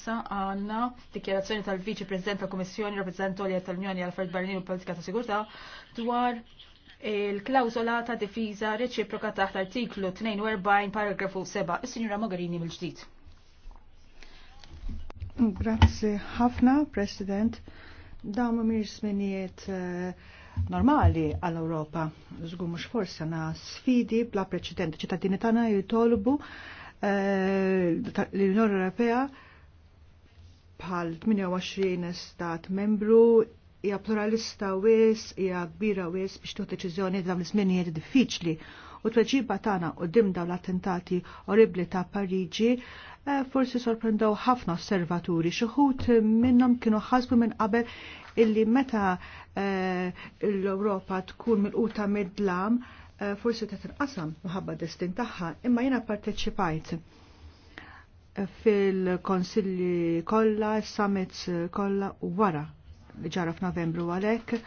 Sa għanna dikjerazzjoni tal-Viċi President tal-Komissjoni Rappresentanti tal-Unjoni għal affarijiet Barranin u Politika ta' Sigurtà dwar il-klawsola ta' difiża reċiproka taħt artiklu 42 paragrafu 7 is-Sinjura Mogherini mill-ġdid. Grazzi ħafna, President. Dawn mir sminijiet eh, normali għall-Ewropa. Żgur mhux forsi na sfidi bla preċedenti ċittadini tagħna jitolbu eh, l-Unjoni Ewropea bħal 28 stat membru hija pluralista wis, hija kbira wis biex tuħ deċiżjoni dawn l-żminijiet diffiċli. U tweġiba tagħna qudiem dawn l-attentati orribli ta' Pariġi eh, forsi sorprendew ħafna osservaturi xi ħut minnhom kienu ħasbu minn qabel illi meta eh, l-Ewropa tkun milquta mid-dlam eh, forsi ta' tinqasam minħabba destin tagħha, imma jiena parteċipajt fil-konsilli kollha, summits kollha u wara li ġara f'Novembru għalhekk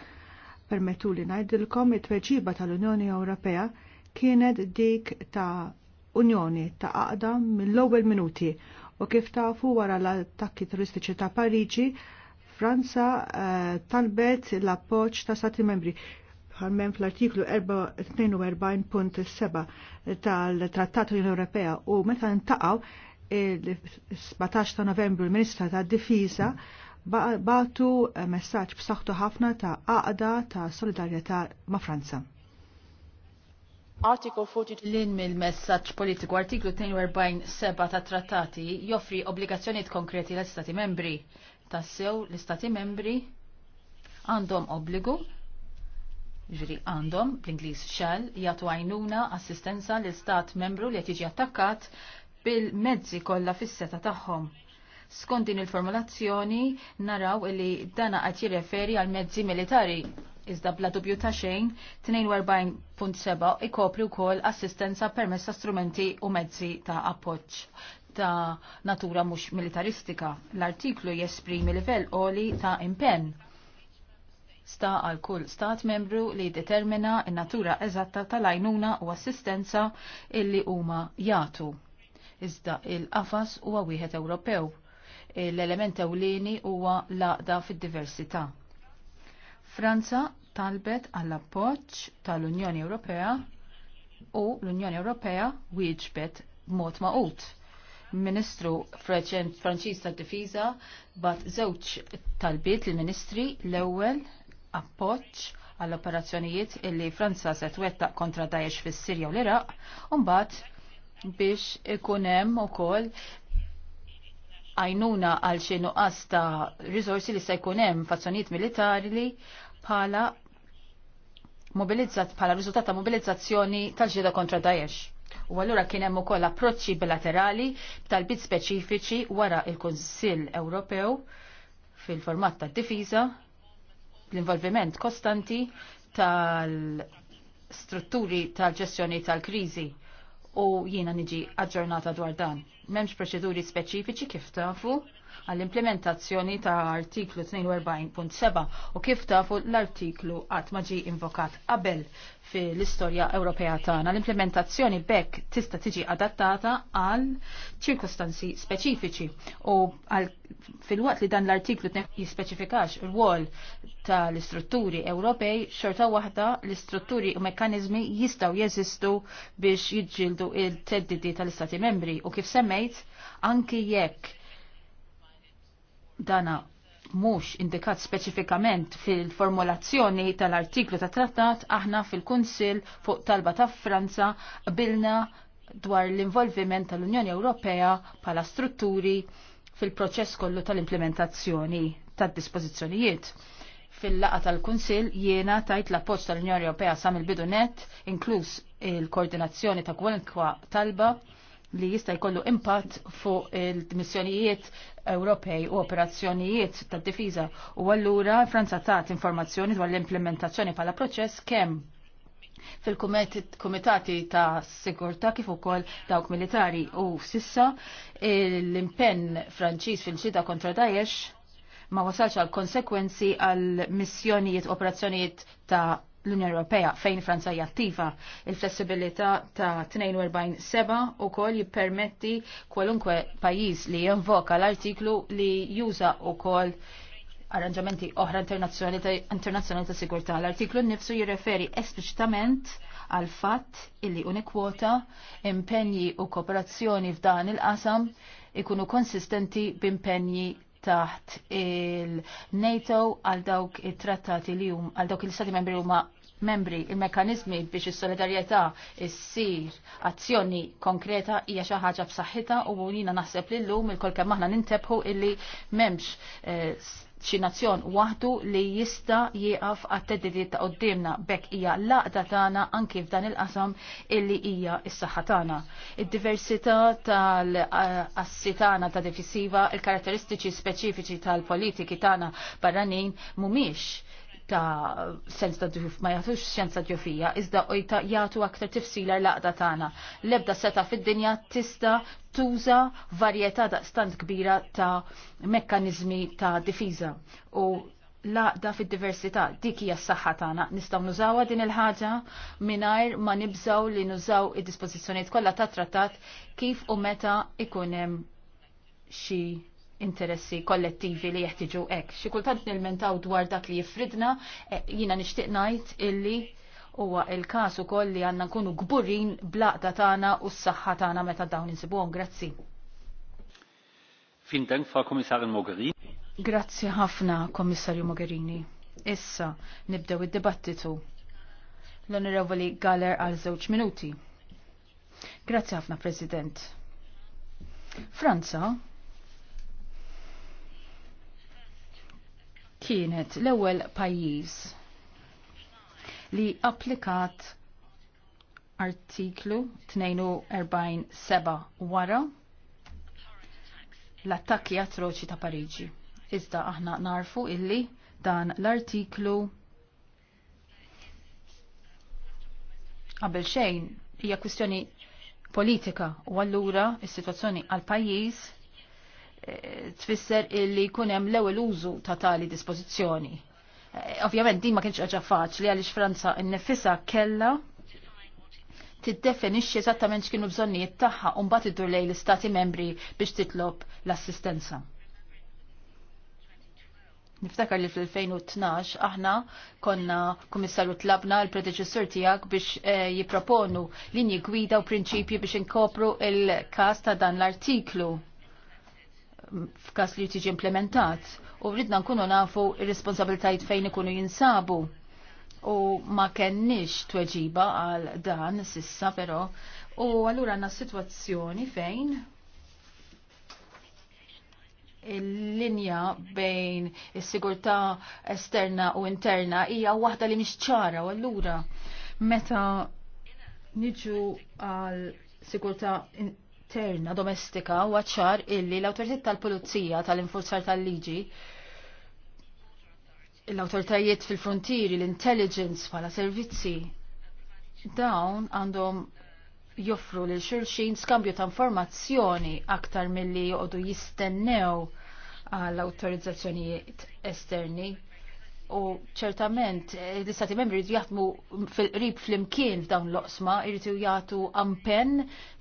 permettu li ngħidilkom it-tweġiba tal-Unjoni Ewropea kienet dik ta' Unjoni ta' għaqda mill-ewwel minuti u kif tafu wara l-attakki turistiċi ta' Pariġi Franza uh, talbet l-appoġġ ta' stati membri Għalmen fl-artiklu 42.7 tal-Trattat Unjoni Ewropea u meta ntaqgħu il-17 ta' novembru il-Ministra ta' Difiża batu messaġġ b'saħħtu ħafna ta' għaqda ta' solidarjetà ma' Franza. Article l-in mill-messaġġ politiku artiklu seba' ta' trattati joffri obbligazzjonijiet konkreti l-Istati membri. Tassew l-Istati membri għandhom obbligu ġiri għandhom bl-Inglis xell jgħatu għajnuna assistenza l-istat membru li jtiġi attakkat bil-mezzi kollha fis-seta tagħhom. Skont din il-formulazzjoni naraw li dana qed jirreferi għal mezzi militari iżda bla dubju ta' xejn 42.7 ikopri wkoll assistenza permessa ta' strumenti u mezzi ta' appoġġ ta' natura mhux militaristika. L-artiklu jesprimi livell oli ta' impenn sta għal kull stat membru li determina n-natura eżatta tal-għajnuna u assistenza illi huma jagħtu iżda il-qafas huwa wieħed Ewropew. L-element ewlieni huwa laqda fid-diversità. Franza talbet għall appoġġ tal-Unjoni Ewropea u l-Unjoni Ewropea wieġbet b'mod maqut. Ministru Franċiż tad-Difiża bat żewġ talbiet lill-Ministri l-ewwel appoġġ għall operazzjonijiet illi Franza se twettaq kontra Daesh fis-Sirja u l-Iraq, u mbagħad biex ikunem u kol għajnuna għal xinu għasta rizorsi li se ikunem fazzjoniet militari li pala mobilizzat pala riżultat ta' mobilizzazzjoni tal-ġida kontra Daesh. U allura kien hemm ukoll approċċi bilaterali tal-bit speċifiċi wara il-Kunsill Ewropew fil-format ta' difiża l-involviment kostanti tal-strutturi tal-ġestjoni tal-kriżi u jiena niġi aġġornata dwar dan. M'hemmx proċeduri speċifiċi kif tafu għall-implementazzjoni ta' artiklu 42.7 u kif tafu l-artiklu għat maġi invokat qabel fil-istorja Ewropea tagħna. L-implementazzjoni bekk tista' tiġi adattata għal ċirkostanzi speċifiċi u għal fil-waqt li dan l-artiklu jispeċifikax ir-wol tal-istrutturi Ewropej xorta waħda l-istrutturi u mekkaniżmi jistgħu jeżistu biex jiġġieldu il-teddidi tal-Istati membri u kif semmejt anki jekk dana mhux indikat speċifikament fil-formulazzjoni tal-artiklu ta' trattat, aħna fil-Kunsill fuq talba ta' Franza bilna dwar l-involviment tal-Unjoni Ewropea pala strutturi fil-proċess kollu tal-implementazzjoni tad-dispożizzjonijiet fil-laqa tal-Kunsil jiena tajt l-appoġġ tal-Unjoni Ewropea sam il-bidu inkluż il-koordinazzjoni ta' kwalinkwa talba li jista' jkollu impatt fuq il-missjonijiet Ewropej u operazzjonijiet tad-difiża. U allura Franza tat informazzjoni dwar l-implementazzjoni bħala proċess kemm fil-kumitati ta' sigurta kif ukoll dawk militari u sissa l-impenn Franċiż fil-ġida kontra Daesh ma wasalx għal konsekwenzi għal missjonijiet operazzjonijiet ta' l-Unjoni Ewropea fejn Franza hija attiva. Il-flessibilità ta' 42.7 ukoll jippermetti kwalunkwe pajjiż li jinvoka l-artiklu li juża ukoll arranġamenti oħra internazzjonali ta' sigurtà. L-artiklu nnifsu jirreferi espliċitament għal fatt illi unikwota impenji u kooperazzjoni f'dan il-qasam ikunu konsistenti b'impenji taħt il-NATO għal dawk it-trattati li jum, għal dawk il-Stati membri huma membri il-mekanizmi biex is-solidarjetà issir azzjoni konkreta hija xi ħaġa b'saħħitha u jiena naħseb li l-lum il-kol kemm aħna nintebħu illi m'hemmx eh, xi nazzjon waħdu li jista' jieqaf għat-teddidiet ta' qudiemna bekk hija laqda tagħna anke f'dan il-qasam illi hija s-saħħa tagħna. Id-diversità tal-assi tagħna ta' defisiva, il-karatteristiċi speċifiċi tal-politiki tagħna barranin mhumiex ta' sens ta' ġuf, ma jagħtux sens ta' izda iżda jta' jagħtu aktar tifsila l-aqda tagħna. L-ebda seta' fid-dinja tista' tuża varjetà da' stand kbira ta' mekkaniżmi ta' difiża. U laqda fid-diversità, dik hija s-saħħa tagħna. Nistgħu nużawha din il-ħaġa mingħajr ma nibżgħu li nużaw id-dispożizzjonijiet kollha ta' trattat kif u meta ikun hemm xi interessi kollettivi li jeħtiġu hekk. Xi kultant nilmentaw dwar dak li jifridna, eh, jiena nixtieq ngħid illi huwa il-każ ukoll li għandna nkunu gburin blaqda tagħna u s-saħħa tagħna meta dawn insibuhom. Grazzi. Fin Dank, Frau Kommissarin Mogherini. Grazzi ħafna, Kommissarju Mogherini. Issa nibdew id-dibattitu. L-Onorevoli Galler għal żewġ minuti. Grazzi ħafna, President. Franza kienet l-ewwel pajjiż li applikat artiklu 42 wara l-attakki atroċi ta' Pariġi. Iżda aħna narfu illi dan l-artiklu qabel xejn hija kwistjoni politika u allura is-sitwazzjoni għal pajjiż tfisser illi kunem l-ewel użu ta' tali dispozizjoni. Eh, ovvjament din ma kienx ħaġa faċli għaliex Franza n-nefisa kella tiddefinixxi eżattament x'kienu bżonnijiet tagħha u mbagħad iddur lejn l-istati membri biex titlob l-assistenza. Niftakar li fl-2012 aħna konna komissarju tlabna l-predeċessur tijak biex eh, jiproponu linji gwida u prinċipji biex inkopru il każ ta' dan l-artiklu f'kas li tiġi implementat u rridna nkunu nafu ir-responsabiltajt fejn ikunu jinsabu. U ma kenniex tweġiba għal dan sissa però u allura għandna situazzjoni fejn il-linja bejn is-sigurtà esterna u interna hija waħda li mhix ċara u allura meta niġu għal sigurtà interna domestika u għacċar illi l autorità tal-polizija tal-infurzar tal-liġi l-autoritajiet fil-frontieri, l-intelligence bħala servizzi, dawn għandhom joffru lil xulxin skambju ta' informazzjoni aktar milli li jistennew għall awtorizzazzjonijiet esterni U ċertament, eh, l-istati membri jridu jaħdmu fil-qrib fl-imkien f'dawn l-oqsma, jridu jagħtu ampen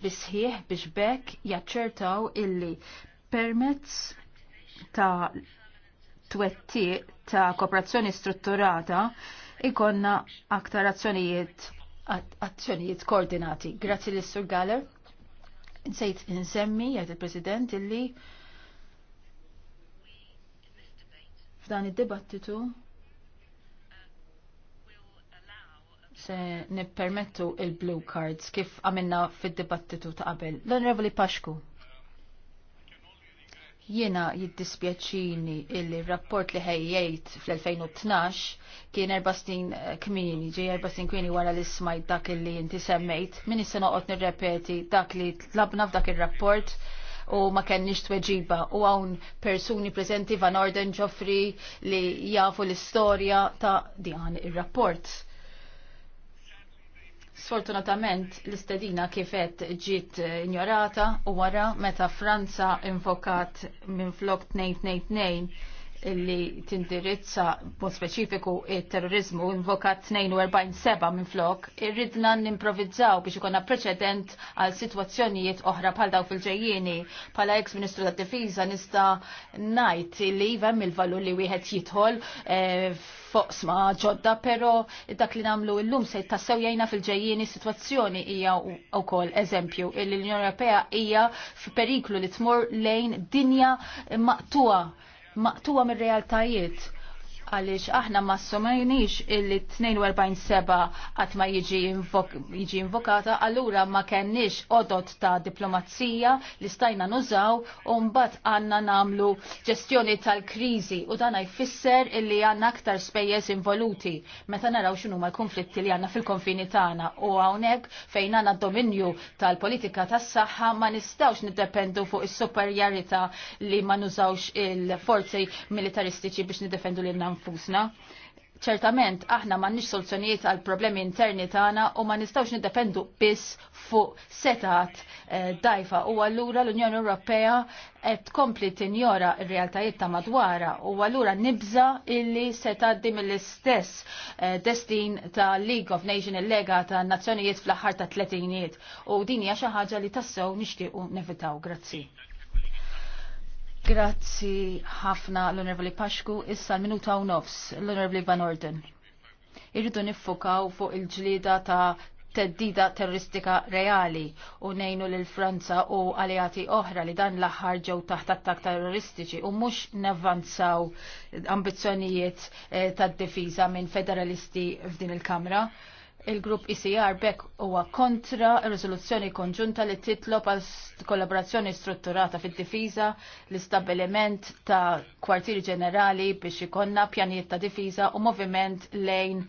bisħieħ biex bekk jaċċertaw illi permezz ta' twetti ta' kooperazzjoni strutturata ikonna aktar azzjonijiet azzjonijiet koordinati. Grazzi l sur Galler. Nsejt insemmi, jgħid il-President, illi f'dan id-dibattitu se nippermettu il-blue cards kif għamilna fid-dibattitu ta' qabel. L-Onorevoli Pashku. Jiena jiddispjaċini il rapport li ħejjejt fl-2012 kien erba' snin kmini, ġej erba' snin kmini wara li smajt dak li jinti semmejt. Min issa noqgħod nirrepeti dak li tlabna f'dak ir-rapport u ma kenniex tweġiba u hawn persuni preżenti Van Orden Ġofri li jafu l-istorja ta' dan ir-rapport Sfortunatament l-istedina kifet ġiet ignorata u wara meta Franza invokat minn flok li tindirizza mod speċifiku il-terrorizmu invoka 42-7 minn flok, irridna nimprovizzaw biex ikonna preċedent għal situazzjonijiet oħra bħal daw fil ġejjini Bħala ex-Ministru tad difiża nista' ngħid li jivem il-valur li wieħed jidħol eh, foqsma ġodda, pero dak li nagħmlu llum se jtassew jajna fil ġejjini situazzjoni hija wkoll eżempju l-Unjoni Ewropea hija f'periklu li tmur lejn dinja maqtuha maqtuwa mir-realtajiet għaliex aħna ma assumejniex illi 42 seba għat ma jiġi invokata, allura ma kenniex odot ta' diplomazija li stajna nużaw u mbagħad għandna namlu ġestjoni tal-kriżi u dan jfisser illi għandna aktar spejjeż involuti meta naraw xinu ma l-konflitti li għandna fil-konfini tagħna u hawnhekk fejn għandna dominju tal-politika tas-saħħa ma nistawx niddependu fuq is-superjarità li ma nużawx il-forzi militaristiċi biex nidefendu lil nanfusna infusna. Ċertament, aħna ma nix soluzzjonijiet għal problemi interni tagħna u ma nistgħux niddependu biss fuq setat eh, dajfa u allura l-Unjoni Ewropea qed tkompli tinjora r-realtajiet ta' madwara u allura nibża illi se tgħaddi mill-istess eh, destin ta' League of Nations il-Lega ta' Nazzjonijiet fl-aħħar ta' tletinijiet u din hija xi ħaġa li tassew nixtiequ nevitaw. Grazzi. Grazzi ħafna l-Onorevoli Pasku, issa l-minuta u nofs l-Onorevoli Van Orden. Irridu niffokaw fuq il-ġlida ta' teddida terroristika reali u nejnu l franza u alijati oħra li dan l-aħħar ġew taħt attak terroristiċi u mhux navvanzaw ambizzjonijiet eh, tad-difiża minn federalisti f'din il-Kamra. Il-grupp ICR e bekk huwa kontra risoluzzjoni konġunta li titlob għal kollaborazzjoni strutturata fid-difiża l-istabbiliment ta' kwartieri ġenerali biex ikonna pjanijiet ta' difiża u moviment lejn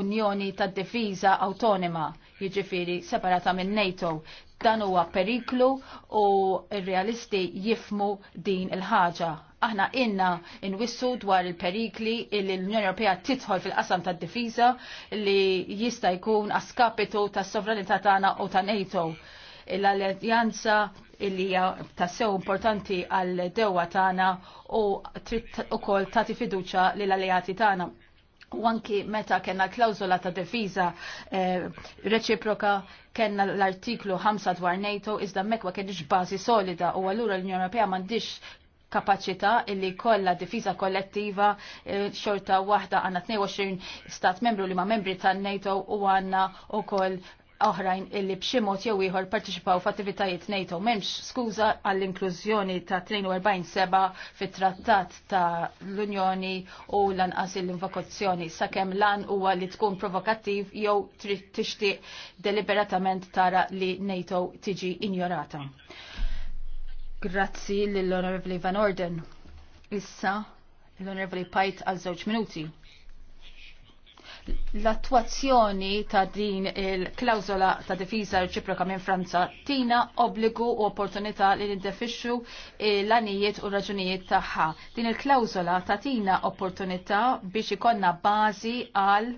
Unjoni ta' Difiża autonoma, jiġifieri separata minn NATO. Dan huwa periklu u r-realisti jifmu din il-ħaġa aħna inna inwissu dwar il-perikli li l-Unjoni Ewropea titħol fil-qasam tad difiża li jista' jkun askapitu tas sovranità tagħna u ta' NATO. L-Alleanza li hija tassew importanti għal dewwa tagħna u trid ukoll tagħti fiduċja lill alleati tagħna. U anki meta kena klawzola ta' defiza eh, reċiproka kena l-artiklu 5 dwar NATO iżda mekwa kienx bażi solida u għallura l-Unjoni Ewropea m'għandix kapacità illi kollha difiża kollettiva e, xorta waħda għandna 22 stat membru li ma membri tan-NATO u għandna koll oħrajn illi b'xi mod jew ieħor partiċipaw f'attivitajiet NATO m'hemmx skuża għall-inklużjoni ta' 42-7 fit-Trattat ta' l-Unjoni u lanqas l-invokazzjoni sakemm lan huwa li tkun provokattiv jew trid tixtieq deliberatament tara li NATO tiġi injorata. Grazzi l honorable Van Orden. Issa l honorable Pajt għal żewġ minuti. L-attuazzjoni ta' din il-klawzola ta' difiża reċiproka minn Franza tina obbligu u opportunità li nindefixxu l-anijiet u raġunijiet tagħha. Din il-klawzola ta' tina opportunità biex ikonna bażi għal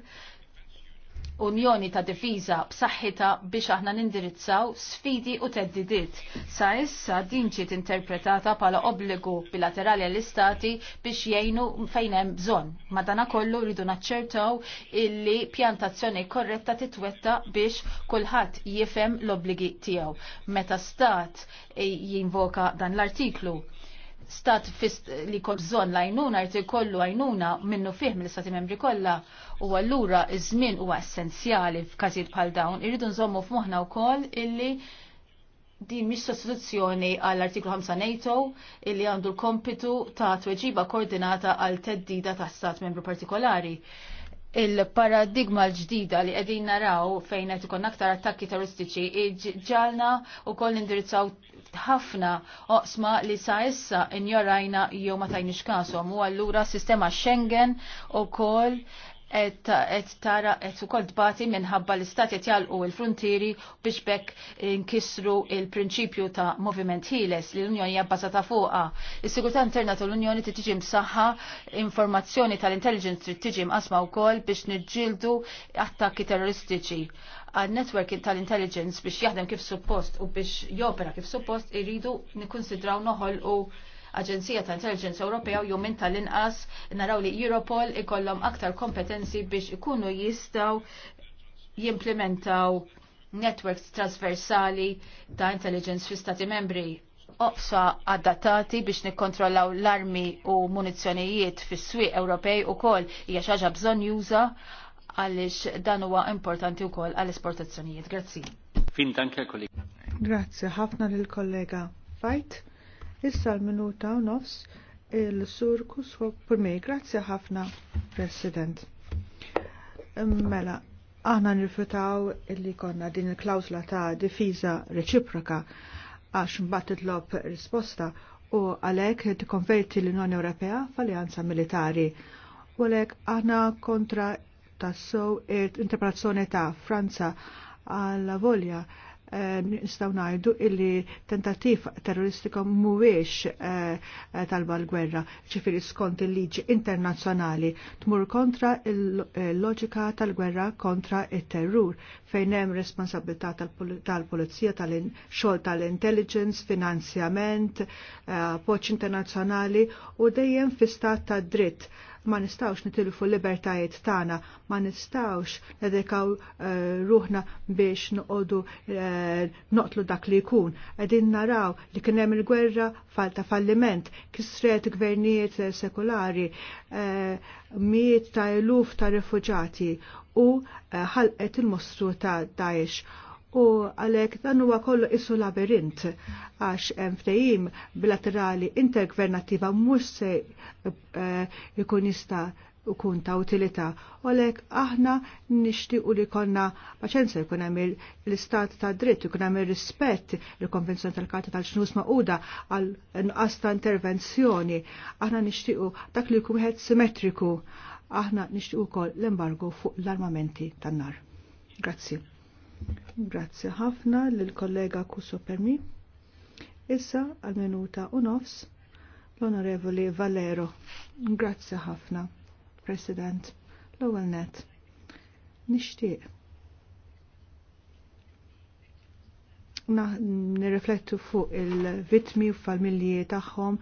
unjoni ta' difiża b'saħħitha biex aħna nindirizzaw sfidi u teddidiet. Sa issa din ġiet interpretata bħala obbligu bilaterali għall-istati biex jgħinu fejn hemm bżonn. Madanakollu rridu naċċertaw illi pjantazzjoni korretta titwetta biex kulħadd jifhem l-obbligi tiegħu. Meta stat jinvoka dan l-artiklu stat li kol zon lajnuna jrid ikollu għajnuna minnu fih mill-istati membri kollha u allura iż-żmien huwa essenzjali f'każijiet bħal dawn. Irridu nżommu f'moħħna wkoll illi din mhix sostituzzjoni għall artiklu 5 NATO illi għandu l-kompitu ta' tweġiba koordinata għal teddida ta' stat membru partikolari il-paradigma l-ġdida li għedin naraw fejn qed ikun aktar attakki terroristiċi ġalna u koll indirizzaw ħafna oqsma li sa issa injorajna jew ma tajniex kasom u allura sistema Schengen u kol qed tara qed ukoll tbati minħabba l-istat qed jalqu il frontieri biex bekk inkisru il-prinċipju ta' moviment ħieles li l-Unjoni hija bbażata fuqha. Is-sigurtà interna tal-Unjoni trid tiġi msaħħa, informazzjoni tal-intelligence trid tiġi mqasma wkoll biex niġġieldu attakki terroristiċi. Għal-network tal-intelligence biex jaħdem kif suppost u biex jopera kif suppost iridu noħol noħolqu Aġenzija ta' Intelligence Ewropea u minn tal-inqas naraw li Europol ikollhom aktar kompetenzi biex ikunu jistaw jimplementaw networks trasversali ta' intelligence fi stati membri oqsa adattati biex nikkontrollaw l-armi u munizzjonijiet fis swieq Ewropej u kol hija xaġa bżonn juża għaliex dan huwa importanti wkoll għall-esportazzjonijiet. Grazzi. Fin tanke kollega. Grazzi ħafna lil kollega Fajt. Issa l-minuta u nofs il-sur kusħob purmi. Grazzi ħafna, President. Mela, aħna nirfutaw illi konna din il-klawsla ta' difiża reċiproka għax mbattit lob risposta u għalhekk tikkonverti l-Unjoni Ewropea f'alleanza militari. U għalhekk aħna kontra tassow interpretazzjoni ta' Franza għal volja Eh, nistaw najdu illi tentativ terroristiku mhuwiex eh, talba l-gwerra, ċifir skont il-liġi internazzjonali, tmur kontra il-loġika eh, tal-gwerra kontra il-terrur, fejn hemm responsabilità tal-pulizija, tal-xogħol tal-intelligence, finanzjament, poċ internazzjonali u dejjem fi stat ta' dritt ma nistawx nitilfu l-libertajiet tagħna, ma nistawx nedekaw eh, ruħna biex noqogħdu eh, noqtlu dak li jkun. Qegħdin naraw li kien hemm il-gwerra falta falliment, kisret gvernijiet eh, sekulari miet ta' eluf ta' rifuġati u ħalqet il-mostru ta' Daesh u għalek dan huwa kollu issu labirint għax hemm ftehim bilaterali intergvernattiva mhux se jkun eh, jista' ukun ta' utilità. U għalek aħna nixtiequ li konna paċenza jkun hemm l-istat ta' dritt, jkun hemm rispett il-Konvenzjoni tal-Karta tal-Xnus Maquda għal nqas ta' intervenzjoni. Aħna nixtiequ dak li jkun wieħed simmetriku. Aħna nixtiequ wkoll l-embargo fuq l-armamenti tan-nar. Grazzi. Grazzi ħafna lill-kollega Kuso Permi. Issa għal minuta u nofs l-Onorevoli Valero. Grazzi ħafna, President. L-ewwel net. Nixtieq. nirriflettu fuq il-vitmi u familji tagħhom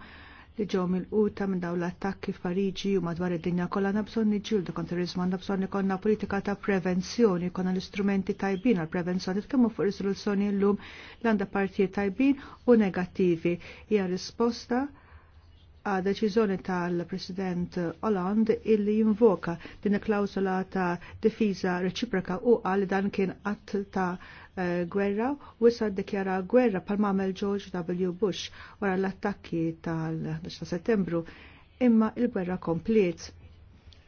li ġew mill-quta minn dawn l-attakki f'Pariġi u madwar id-dinja kollha nabżon niġġieldu kontra riżmu għandna bżonn ikollna politika ta' prevenzjoni, konna l-istrumenti tajbin għal prevenzjoni hu fuq riżoluzzjoni llum li għandha partijiet tajbin u negattivi. Hija risposta għad deċiżjoni tal-President Hollande illi jinvoka din klawsola ta' difiża reċiproka u għal dan kien att ta' eh, gwerra u issa ddikjara gwerra pal mamel George W. Bush wara l-attakki tal-11 ta' settembru imma il-gwerra kompliet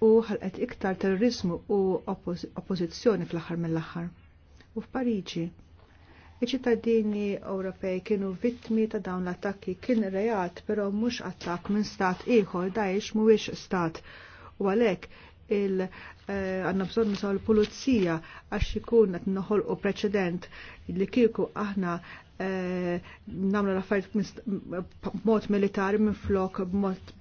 u ħalqet iktar terrorizmu u oppożizzjoni fl-aħħar mill-aħħar. U f'Pariġi Iċ-ċittadini Ewropej kienu vittmi ta' dawn l-attakki kien reat, però mhux attakk minn stat ieħor dajx mhuwiex stat. U għalhekk il eh, għanna bżon nisaw l-pulizija għax ikun qed noħolqu preċedent li kieku aħna eh, namlu l-affarijiet b'mod militari minn flok b'mod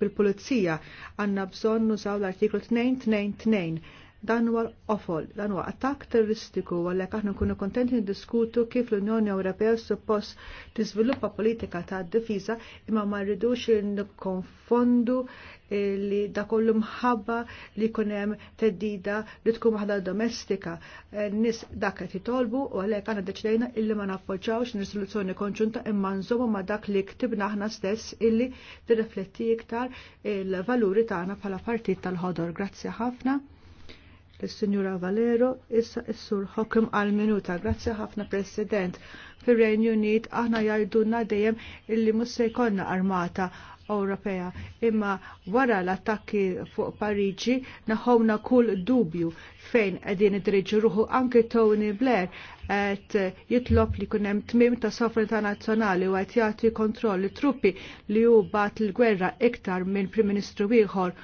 bil-pulizija għanna bżon nużaw l-artiklu tnejn dan huwa ofol, dan huwa attak terroristiku għalhekk aħna nkunu kontenti niddiskutu kif l-Unjoni Ewropea suppost tiżviluppa politika ta' difiża imma ma rridux nikkonfondu eh, li da kollu mħabba li jkun hemm teddida li tkun waħda domestika. Eh, Nis dak qed jitolbu u għalhekk aħna deċidejna illi ma nappoġġawx risoluzzjoni konġunta imma nżommu ma dak li ktibna aħna stess illi tirrifletti iktar il-valuri tagħna bħala partit tal-ħodor. Grazzi ħafna il sinjura Valero, issa issur sur għal-minuta. Grazzi ħafna President. Fir-Renju Unit aħna jajdunna dejjem illi musse jkollna armata Ewropea. Imma wara l-attakki fuq Pariġi naħomna kull dubju fejn qegħdin idriġu ruħu anke Tony Blair qed jitlob li kun hemm tmiem ta' sovranità nazzjonali u qed jagħti kontroll truppi li hu bat l gwerra iktar minn Prim Ministru Wieħor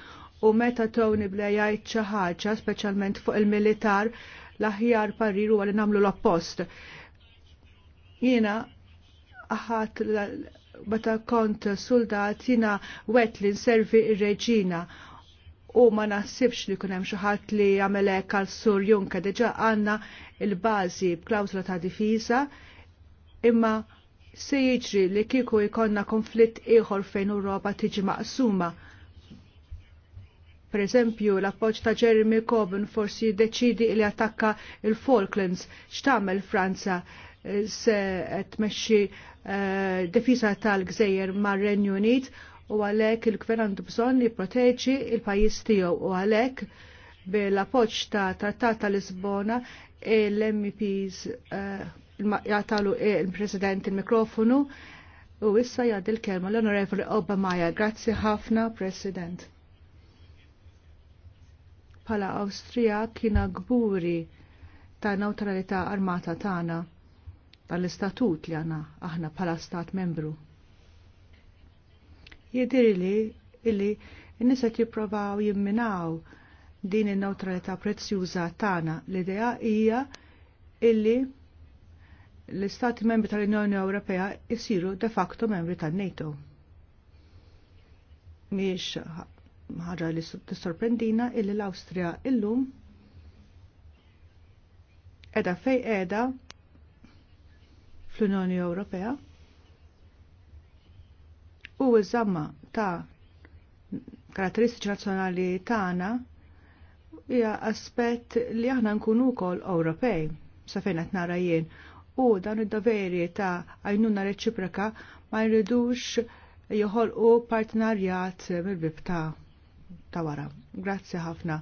u meta Tony Blair jgħid xi ħaġa speċjalment fuq il-militar l-aħjar pariru għal nagħmlu l-oppost. Jiena aħat meta kont soldat jiena wet li nservi ir-reġina u ma naħsibx li kunem xaħat li għamelek għal sur Junka deġa għanna il-bazi b'klawsla ta' difiża imma se jiġri li kiku jkonna konflitt ieħor fejn Europa tiġi maqsuma Per eżempju, l-appoġġ ta' Jeremy Corbyn forsi deċidi li attakka il-Falklands. X'tagħmel Franza eh, se tmexxi uh, eh, defisa tal-Gżejjer mar-Renju Unit u għalhekk il-Gvern għandu bżonn jipproteġi il-pajjiż tiegħu u għalhekk bil-appoġġ ta' Trattat ta' Lisbona l-MEPs uh, eh, jgħatalu il-President il-mikrofonu u issa jgħaddi l-kelma l-Onorevoli Obamaja. Grazzi ħafna, President bħala Awstrija kiena gburi ta' neutralità armata tagħna tal-istatut li għana aħna bħala stat membru. Jidiri li illi n-nisa jipprovaw jimminaw din il-neutralità prezzjuża tagħna. L-idea hija illi l-istati membri tal-Unjoni Ewropea jisiru de facto membri tan-NATO. Miex ħaġa li tissorprendina illi l-Awstrija illum edha fej edha fl-Unjoni Ewropea u iżamma ta' karatteristiċi nazzjonali tagħna hija aspett li aħna nkunu wkoll Ewropej sa fejn qed nara jien u dan id-doveri ta' għajnuna reċiproka ma jridux joħolqu partnerjat mill-bibta' ta' wara. Grazzi ħafna.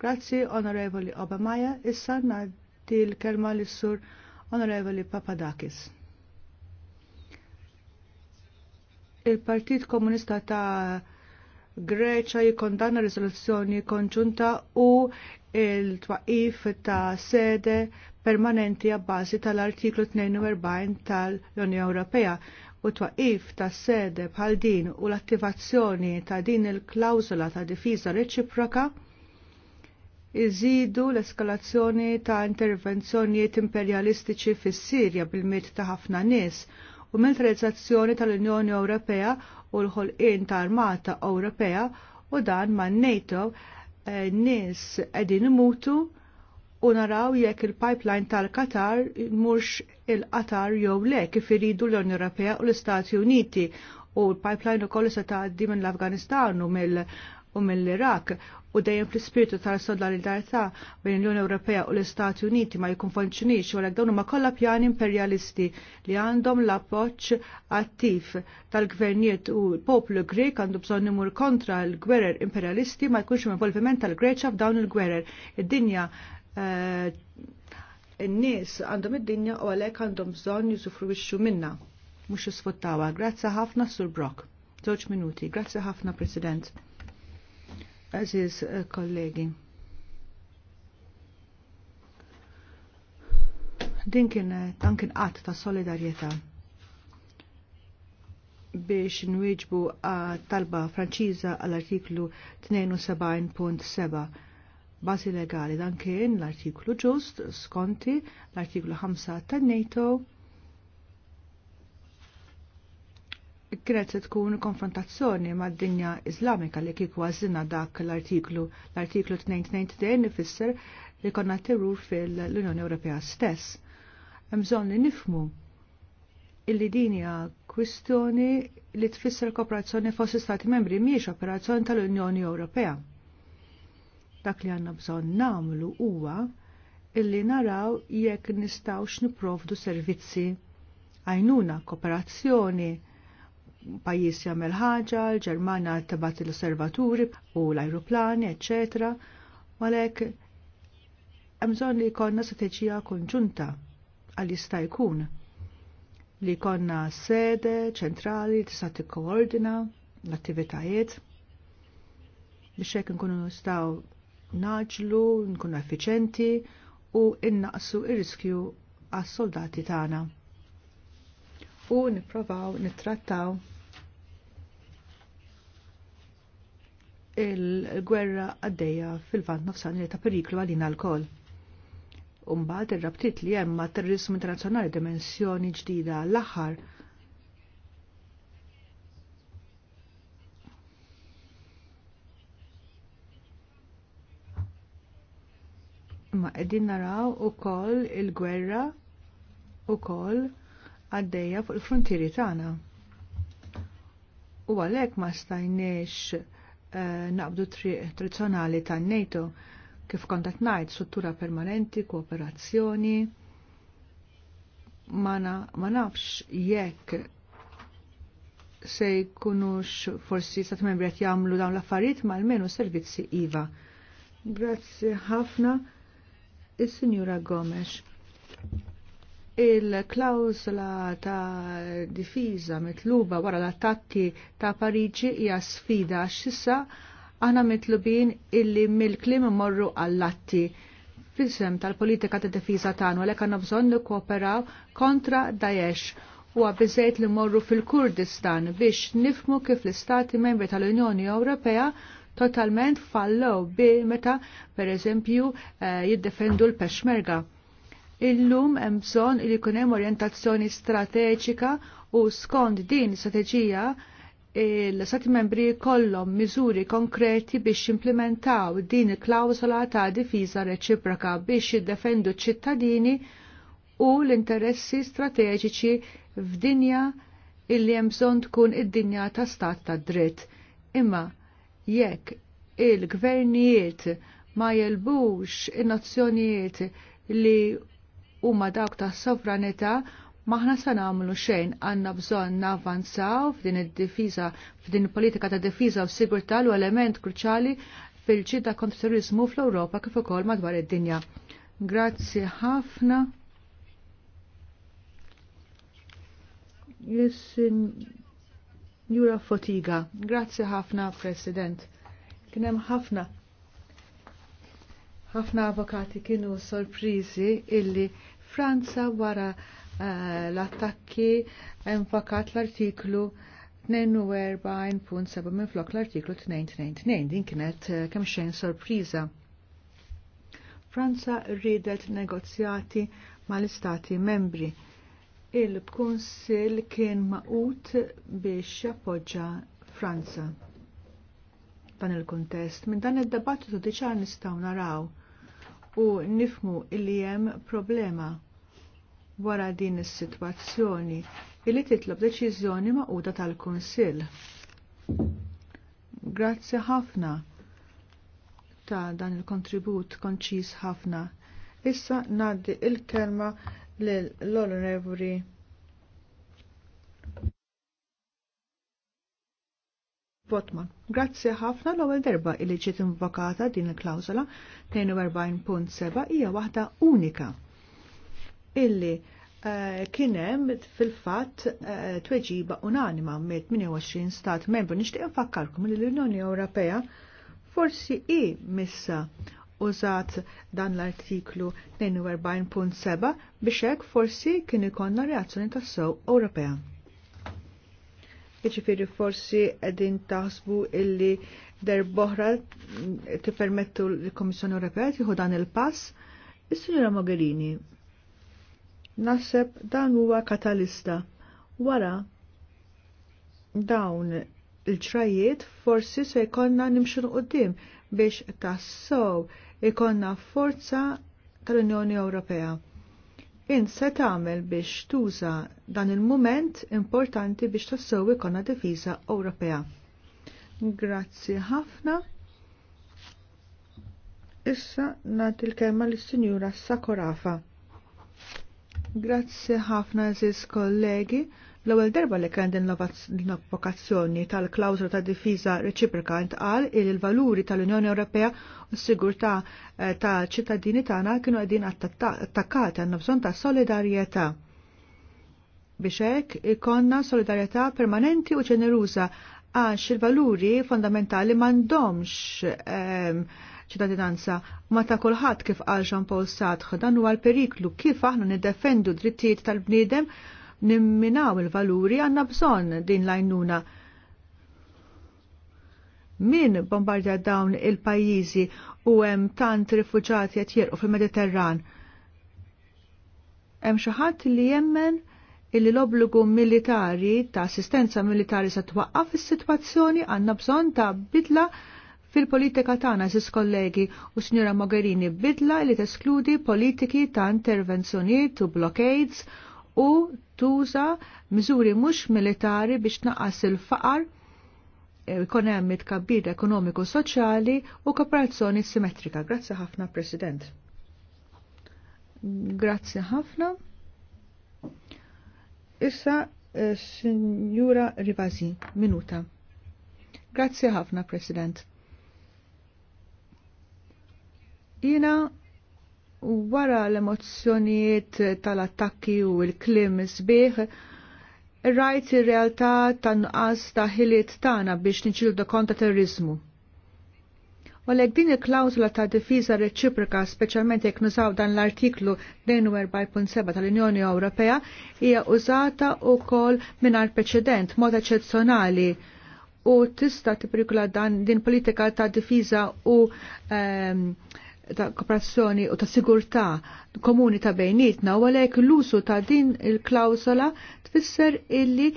Grazzi Onorevoli Obamaja, issa nagħti l-kelma lis-sur Onorevoli Papadakis. Il-Partit Komunista ta' Greċa jikondanna risoluzzjoni konġunta u il-twaqif ta' sede permanenti bazi tal-artiklu 42 tal-Unjoni Ewropea u twaqif ta' sede bħal din u l-attivazzjoni ta' din il-klawzula ta' difiża reċiproka iżidu l-eskalazzjoni ta' intervenzjonijiet imperjalistiċi fis-Sirja bil mit ta' ħafna nies u militarizzazzjoni tal-Unjoni Ewropea u l-ħolqien ta' Armata Ewropea u dan ma' NATO eh, nies qegħdin imutu u naraw jekk il-pipeline tal-Qatar mhux il-Qatar jew le kif iridu l-Unjoni Ewropea u l-Istati Uniti u l-pipeline ukoll se tgħaddi mill-Afganistan u mill- u mill-Irak u dejjem fl-ispirtu tal-solidarità bejn l-Unjoni Ewropea u l-Istati Uniti ma jikkonfunzjonix u dawn huma kollha pjani imperjalisti li għandhom l-appoġġ attiv tal-gvernijiet u l-poplu Grek għandu bżonn imur kontra l-gwerer imperjalisti ma jkunx involviment tal greċja f'dawn il-gwerer. Id-dinja Eh, n-nies għandhom id-dinja u għalhekk għandhom bżonn jużufruwixxu minna, mux jisfuttawa. Grazzi ħafna Sur Brock. Żewġ minuti. Grazzi ħafna President. Aziz eh, kollegi. Din kien dan kien qatt ta' solidarjetà biex nwieġbu eh, talba Franċiża għall-artiklu 72.7 bażi legali dan kien l-artiklu ġust skonti l-artiklu 5 tan-NATO kienet se tkun konfrontazzjoni mad dinja Islamika li kieku għażina dak l-artiklu. L-artiklu dejn nifisser li konna tirur fil-Unjoni Ewropea stess. Mżon li nifmu illi din hija kwistjoni li tfisser kooperazzjoni fost Stati membri miex operazzjoni tal-Unjoni Ewropea. Dak li għanna bżon namlu huwa illi naraw jekk nistaw niprovdu servizzi għajnuna kooperazzjoni pajis jagħmel ħaġa, l-Ġermana tibat l-osservaturi u l-ajruplani, eċetera, għalhekk hemm bżonn li jkollna strategija konġunta għal jista' jkun li jkollna sede ċentrali tista' tikkoordina l-attivitajiet biex hekk nkunu nistgħu naġlu, nkunu effiċenti u innaqsu ir-riskju għas-soldati tagħna. U nipprovaw nittrattaw il-gwerra għaddejja fil-vant li ta' periklu għalina l-kol. Umbad ir rabtit li hemm ma' terrorizmu internazzjonali dimensjoni ġdida l-aħħar imma qegħdin naraw ukoll il-gwerra ukoll għaddejja fuq il-frontieri tagħna. U għalhekk ma stajniex eh, naqbdu triq tradizzjonali tan-NATO kif kontat ngħid struttura permanenti, kooperazzjoni. Ma nafx jekk se jkunux forsi stat membri qed jagħmlu dawn l-affarijiet ma almenu servizzi iva. Grazzi ħafna. Is-Sinjura Gomes. il klausla ta' difiża mitluba wara l-attatti ta' Pariġi hija sfida xissa issa mitlubin illi mill-klim morru għall-atti fil-sem tal-politika ta' difiża tagħna għalhekk għandna bżonn nikkooperaw kontra Daesh huwa biżejt li morru fil-Kurdistan biex nifmu kif l-Istati membri tal-Unjoni Ewropea totalment fallow bi meta per eżempju eh, jiddefendu l-peshmerga. Illum hemm bżonn li jkun hemm orjentazzjoni strateġika u skont din strateġija l-Stati membri kollhom miżuri konkreti biex jimplementaw din il-klawsola ta' difiża reċiproka biex jiddefendu ċittadini u l-interessi strateġiċi f'dinja illi hemm bżonn tkun id-dinja ta' stat ta' dritt. Imma jekk il-gvernijiet ma jelbux in-nozzjonijiet li huma dawk ta' sovranità maħna sa nagħmlu xejn għandna bżonn navanzaw f'din id-difiża f'din il-politika ta' difiża u sigurtà u element kruċali fil-ġidda kontra terrorizmu fl-Ewropa kif ukoll madwar id-dinja. Grazzi ħafna. Yes, in... Jura Fotiga. Grazzi ħafna, President. Kienem ħafna ħafna avokati kienu sorprizi illi Franza wara uh, l-attakki enfakat l-artiklu 42.7 minn flok l-artiklu 222. Din kienet uh, kemm xejn sorpriza. Franza rridet negozjati mal-istati membri il-Kunsil kien maqut biex jappoġġa Franza. Dan il-kontest, minn dan id-debattitu diċa nistgħu naraw u nifmu li hemm problema wara din is-sitwazzjoni illi titlob deċiżjoni maquda tal-Kunsill. Grazzi ħafna ta' dan il-kontribut konċis ħafna. Issa naddi il-kelma l-onorevoli Votman. Grazzi ħafna l-ewwel darba li ġiet invokata din il-klawsola 42.7 hija waħda unika illi eh, kien hemm fil-fatt eh, tweġiba unanima mill-28 stat membru nixtieq infakkarkom li l-Unjoni Ewropea forsi i missa użat dan l-artiklu 42.7 biex hekk forsi kien ikonna reazzjoni tas-sew Ewropea. Jiġifieri forsi qegħdin taħsbu illi boħra tippermettu l-Komissjoni Ewropea tieħu dan il-pass, is-Sinjura Mogherini. Naħseb dan huwa katalista. Wara dawn il-ċrajiet forsi se jkollna nimxu qudiem biex tassow ikonna forza tal-Unjoni Ewropea. In se tagħmel biex tuża dan il-mument importanti biex tassew ikonna difiża Ewropea. Grazzi ħafna. Issa nagħti l-kelma lis-Sinjura Sakorafa. Grazzi ħafna ziz kollegi. L-ewwel darba li kien din l avokazzjoni tal-klawżola ta' difiża reċiproka intqal il l-valuri tal-Unjoni Ewropea u s-sigurtà eh, tal ċittadini tagħna kienu qegħdin attakkati għandna bżonn ta' solidarjetà. Biex hekk ikonna solidarjetà permanenti u ġeneruża għax il-valuri fondamentali m'għandhomx ehm, ċittadinanza ma ta' kulħadd kif qal Jean Paul Sartre dan huwa l-periklu kif aħna niddefendu drittijiet tal-bniedem nimminaw il-valuri għandna bżonn din lajnuna. Min bombardja dawn il-pajjiżi u hemm tant rifuġati qed jerqu fil-Mediterran. Hemm xi ħadd li jemmen illi l-obbligu militari ta' assistenza militari se twaqqaf is-sitwazzjoni għandna bżonn ta' bidla fil-politika tagħna żis kollegi u Sinjora Mogherini bidla li teskludi politiki ta' intervenzjonijiet u blockades u tuża miżuri mhux militari biex tnaqqas il-faqar ekonomit eh, hemm ekonomiku soċjali u kooperazzjoni simmetrika. Grazzi ħafna, President. Grazzi ħafna. Issa eh, Signora Rivasi, minuta. Grazzi ħafna, President. Jina wara l-emozzjonijiet tal-attakki u l-klim sbieħ, rajt ir-realtà tan-nuqqas ta' ħiliet tagħna biex niġildu konta terrorizmu. U l din il-klawzula ta' difiża reċiproka, speċjalment jekk nużaw dan l-artiklu 24.7 tal-Unjoni Ewropea, hija użata wkoll mingħajr preċedent mod eċezzjonali u tista' tipprikula dan din politika ta' difiża u um, ta' kooperazzjoni u ta' sigurtà komuni ta' bejnietna u għalhekk l-usu ta' din il-klawsola tfisser illi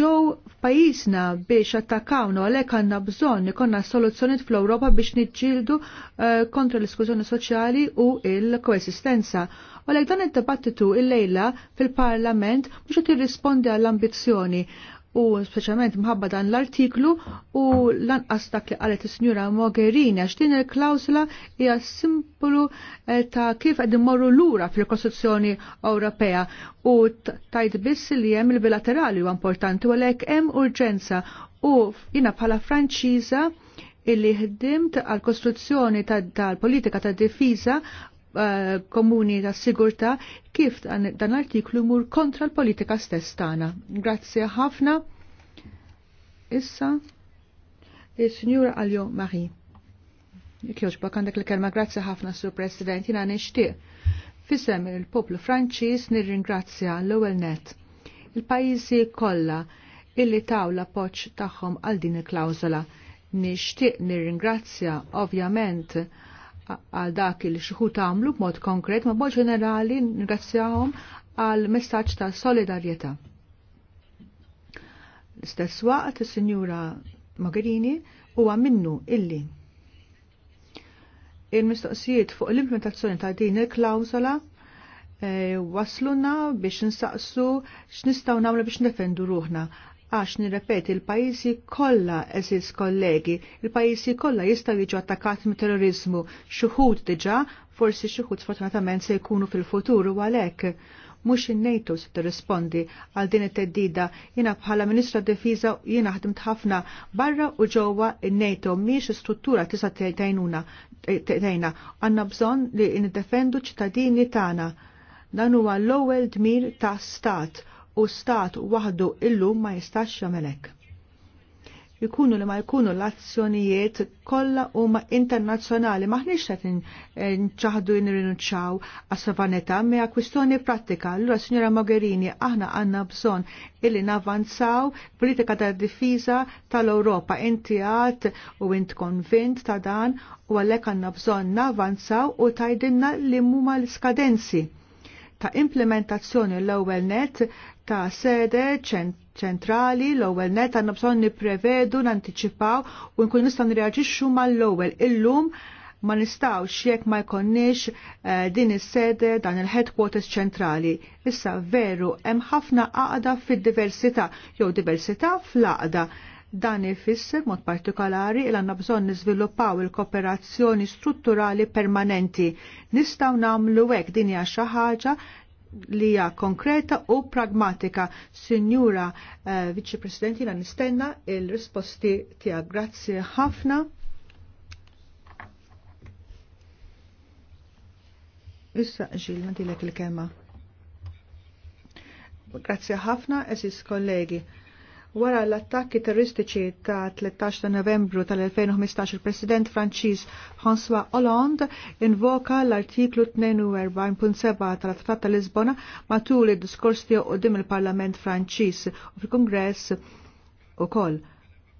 ġew f'pajjiżna biex attakawna għalhekk għandna bżonn ikonna soluzzjonijiet fl-Ewropa biex niġġieldu eh, kontra l-iskużjoni soċjali u l-koesistenza. Għalhekk dan id-dibattitu il-lejla fil-Parlament mhux qed jirrispondi għall-ambizzjoni u speċjalment mħabba dan l-artiklu u lanqas dak li qalet is-Sinjura Mogherini għax din il-klawsula hija simplu eh, ta' kif qed immorru lura fil-Kostituzzjoni Ewropea u tajt biss li hemm il-bilaterali huwa importanti u għalhekk hemm urġenza u jiena bħala Franċiża illi ħdimt għal kostruzzjoni tal-politika tad difiża Eh, komuni ta' sigurta kif dan l-artiklu mur kontra l-politika stess tagħna. Grazzi ħafna. Issa il-Signora Aljo Marie. Kjoġbak għandek l-kelma grazie ħafna Sur President jina nixtieq. Fisem il-poplu Franċiż nirringrazzja l-ewwel net. Il-pajjiżi kollha illi taw l-appoġġ tagħhom għal din il-klawżola. Nixtieq nirringrazzja ovvjament għal dak il xuħut għamlu b'mod konkret, ma b'mod ġenerali ngrazzjahom għal messaġġ ta' solidarjetà. L-istess waqt is-Sinjura Mogherini huwa minnu illi il-mistoqsijiet fuq l-implementazzjoni ta' din il-klawsola waslunna eh, wasluna biex nsaqsu x'nistgħu nagħmlu biex nifendu ruħna għax nirrepeti il-pajjiżi kollha eżis kollegi, il-pajjiżi kollha jistgħu jiġu attakat mit terrorizmu xuħud diġà, forsi xuħud sfortunatament se jkunu fil-futur u għalhekk. Mhux in-NATO se tirrispondi għal din it-teddida jiena bħala Ministra defiza jiena ħdimt ħafna barra u ġewwa in-NATO mhijiex struttura tista' t tgħinna. Għandna bżonn li niddefendu ċittadini tagħna. Dan huwa l-ewwel dmir ta' stat u stat waħdu illum ma jistax jamelek. Jikunu li ma jkunu l-azzjonijiet kollha huma internazzjonali maħniex qed nċaħdu nirrinunċaw għas sovranità mija kwistjoni prattika. Allura Signora Mogherini aħna għandna bżonn illi navanzaw politika ta' difiża tal-Ewropa. Inti għad u int konvint ta' dan u għalhekk għandna bżonn navanzaw u tajdinna li muma l-skadenzi ta' implementazzjoni l-ewwel net ta' sede ċentrali l-ewwel net għandna bżonn nipprevedu nanticipaw u nkun nistgħu nirreaġixxu mal-ewwel. Illum ma nistgħux jekk ma jkollniex eh, din is-sede dan il-headquarters ċentrali. Issa veru hemm ħafna qaqda fid-diversità jew diversità fl-aqda. Dan ifisser mod partikolari il għanna bżon niżviluppaw il-kooperazzjoni strutturali permanenti. Nistaw namlu hekk din hija xi ħaġa li hija konkreta u pragmatika. Sinjura eh, Viċi Presidenti, nistenna il-risposti tiegħek. Grazzi ħafna. Issa ġil nadilek il-kelma. Grazzi ħafna, esis kollegi. Wara l-attakki terroristiċi ta' 13 ta' novembru tal-2015 il-President Franċiż François Hollande invoka l-artiklu 42.7 tal-Trattat ta' Lisbona matul id-diskors tiegħu qudiem il-Parlament Franċiż u fil-Kongress ukoll.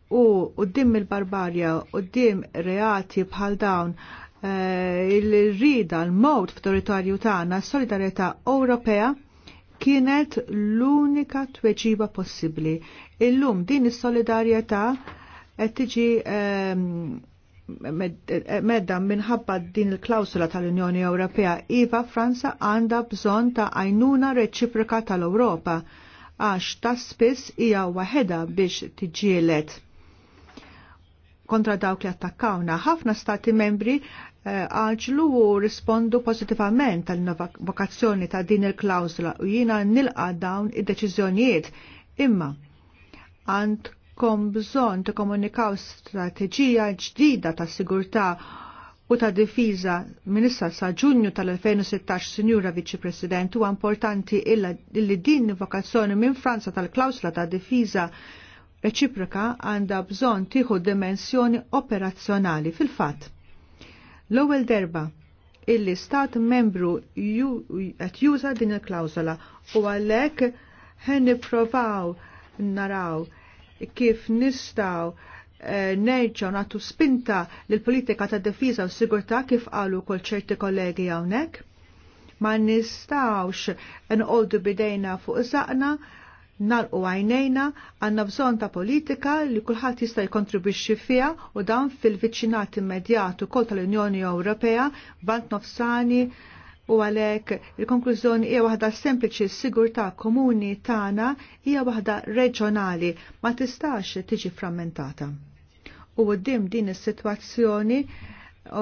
U qudiem il-barbarja, qudiem reati bħal dawn eh, il-rida, l-mod f'toritorju tagħna, solidarjetà Ewropea kienet l-unika tweġiba possibbli. Illum din is-solidarjetà qed tiġi ehm, eh, medda minħabba din il-klausula tal-Unjoni Ewropea, iva Franza għandha bżonn ta' għajnuna reċiproka tal-Ewropa, għax ta' spiss hija waħedha biex tiġielet. Kontra dawk li attakkawna, ħafna stati membri eh, għaġlu u rispondu pozitivament tal-vokazzjoni ta' din il-klausula u jina nilqa dawn id-deċiżjonijiet. Imma, għandkom bżonn tikkomunikaw strategija ġdida ta' sigurtà u ta' difiża minissa sa' ġunju tal-2016 Sinjura Viċi President huwa importanti illi din vokazzjoni minn Franza tal klausla ta' difiza reċiproka għandha bżonn tieħu dimensjoni operazzjonali fil-fatt. L-ewwel derba illi stat membru qed juża din il-klawżola u għalhekk ħen nipprovaw naraw kif nistaw eh, nerġaw natu spinta l-politika ta' difiża u sigurtà kif qalu kol ċerti kollegi hawnhekk. Ma nistawx nqoldu bidejna fuq zaqna, nalqu għajnejna, għanna bżon ta' politika li kulħadd jista' jkontribwixxi fiha u dan fil-viċinat immedjat kol tal-Unjoni Ewropea, bant nofsani, U għalhekk il-konklużjoni hija waħda sempliċi s-sigurtà komuni tagħna hija waħda reġjonali ma tistax tiġi frammentata. U għoddim din is-sitwazzjoni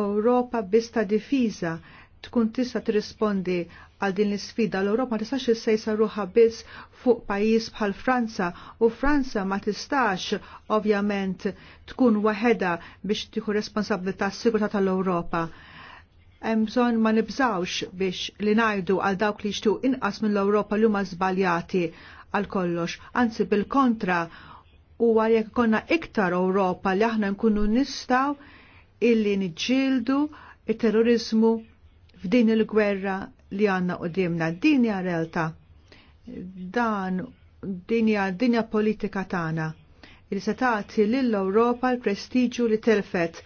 Ewropa bista difiża tkun tista' tirrispondi għal din l-isfida l-Ewropa ma tistax issejsa ruħa biss fuq pajjiż bħal Franza u Franza ma tistax ovvjament tkun waħedha biex tieħu responsabilità s-sigurtà tal-Ewropa hemm bżonn ma nibżawx biex li ngħidu għal dawk li xtu inqas mill-Ewropa li huma żbaljati għal kollox, anzi bil-kontra u għalhekk konna iktar Ewropa li aħna nkunu nistaw illi niġġieldu it-terrorizmu f'din il-gwerra li għandna u Din hija realtà. Dan din hija dinja politika tagħna. Il se tagħti lill-Ewropa l-prestiġu li telfet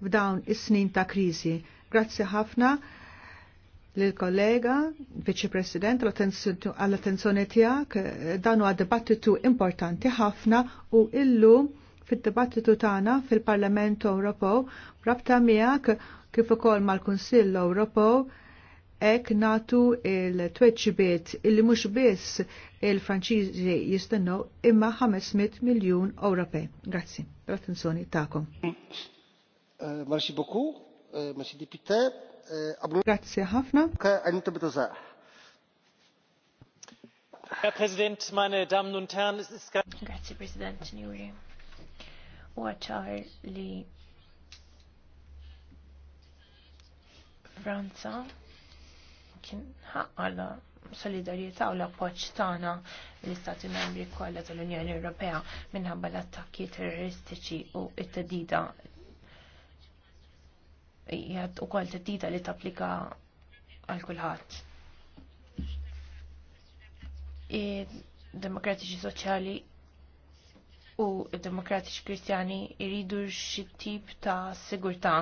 f'dawn is-snin ta' kriżi Grazzi ħafna l-kollega, Viċi President, għall-attenzjoni tijak, dan huwa dibattitu importanti ħafna u illum fil-dibattitu tagħna fil-Parlament Ewropew rabta miegħek kif ukoll mal-Kunsill Ewropew ek natu il bit illi mhux biss il-Franċiżi jistennew imma 500 miljun Ewropej. Grazzi, l-attenzjoni tagħkom. Eh, Marxi beaucoup. Eh, Mr. Deputy. Eh, Grazie ħafna. Herr Präsident, meine Damen und Herren, es ist ganz... Grazie, Präsident, signori. Uħaċar li Franza kien ħaqqala solidarieta u l-appoċ tagħna l-Istati Membri kollha tal-Unjoni Ewropea minħabba l-attakki terroristiċi u it tedida jgħad u kol t-tita li t-applika għal kulħat. Demokratiċi soċjali u demokratiċi kristjani jridu xittib ta' sigurta'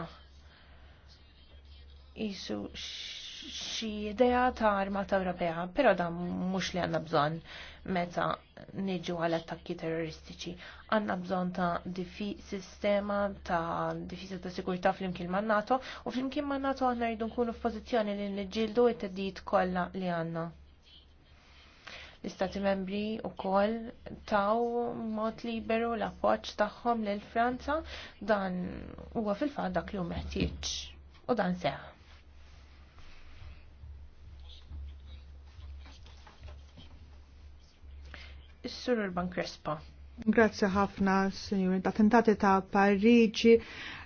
jisu xi idea ta' armata Ewropea, però dan mhux li għandna bżonn meta niġu għal attakki terroristiċi. Għandna bżonn ta' difi sistema ta' difiża ta' sigurtà flimkien man NATO u flimkien man NATO aħna rridu nkunu f'pożizzjoni li niġġieldu it tedid kollha li għandna. L-Istati membri u koll taw mod liberu l-appoċ tagħhom lil Franza dan huwa fil-fatt dak li hu meħtieġ u dan seħħ. Is-Sur Urban Crespa. Grazie ħafna, signori. L-attentati ta' Parigi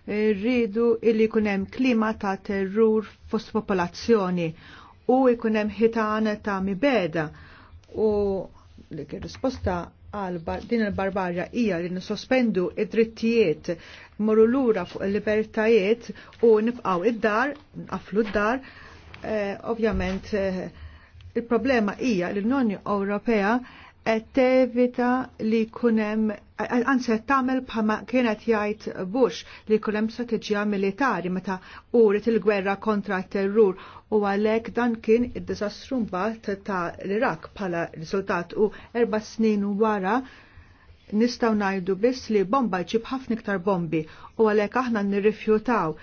rridu illi kunem klima ta' terrur fost popolazzjoni u jkunem ħitan ta' mibeda u li risposta għal din il-barbarja hija li nisospendu id-drittijiet morru lura fuq il-libertajiet u nibqaw id-dar, nqaflu id-dar, eh, ovvjament eh, il-problema hija li l-Unjoni Ewropea tevita li kunem anse tamel bħama kienet jgħid Bush li kunem strateġija militari meta uret il-gwerra kontra terror u għalek dan kien id-disastru mbagħad ta' l-Irak bħala riżultat u erba snin wara nistaw najdu biss li bomba ġib ħafna iktar bombi u għalek aħna nirrifjutaw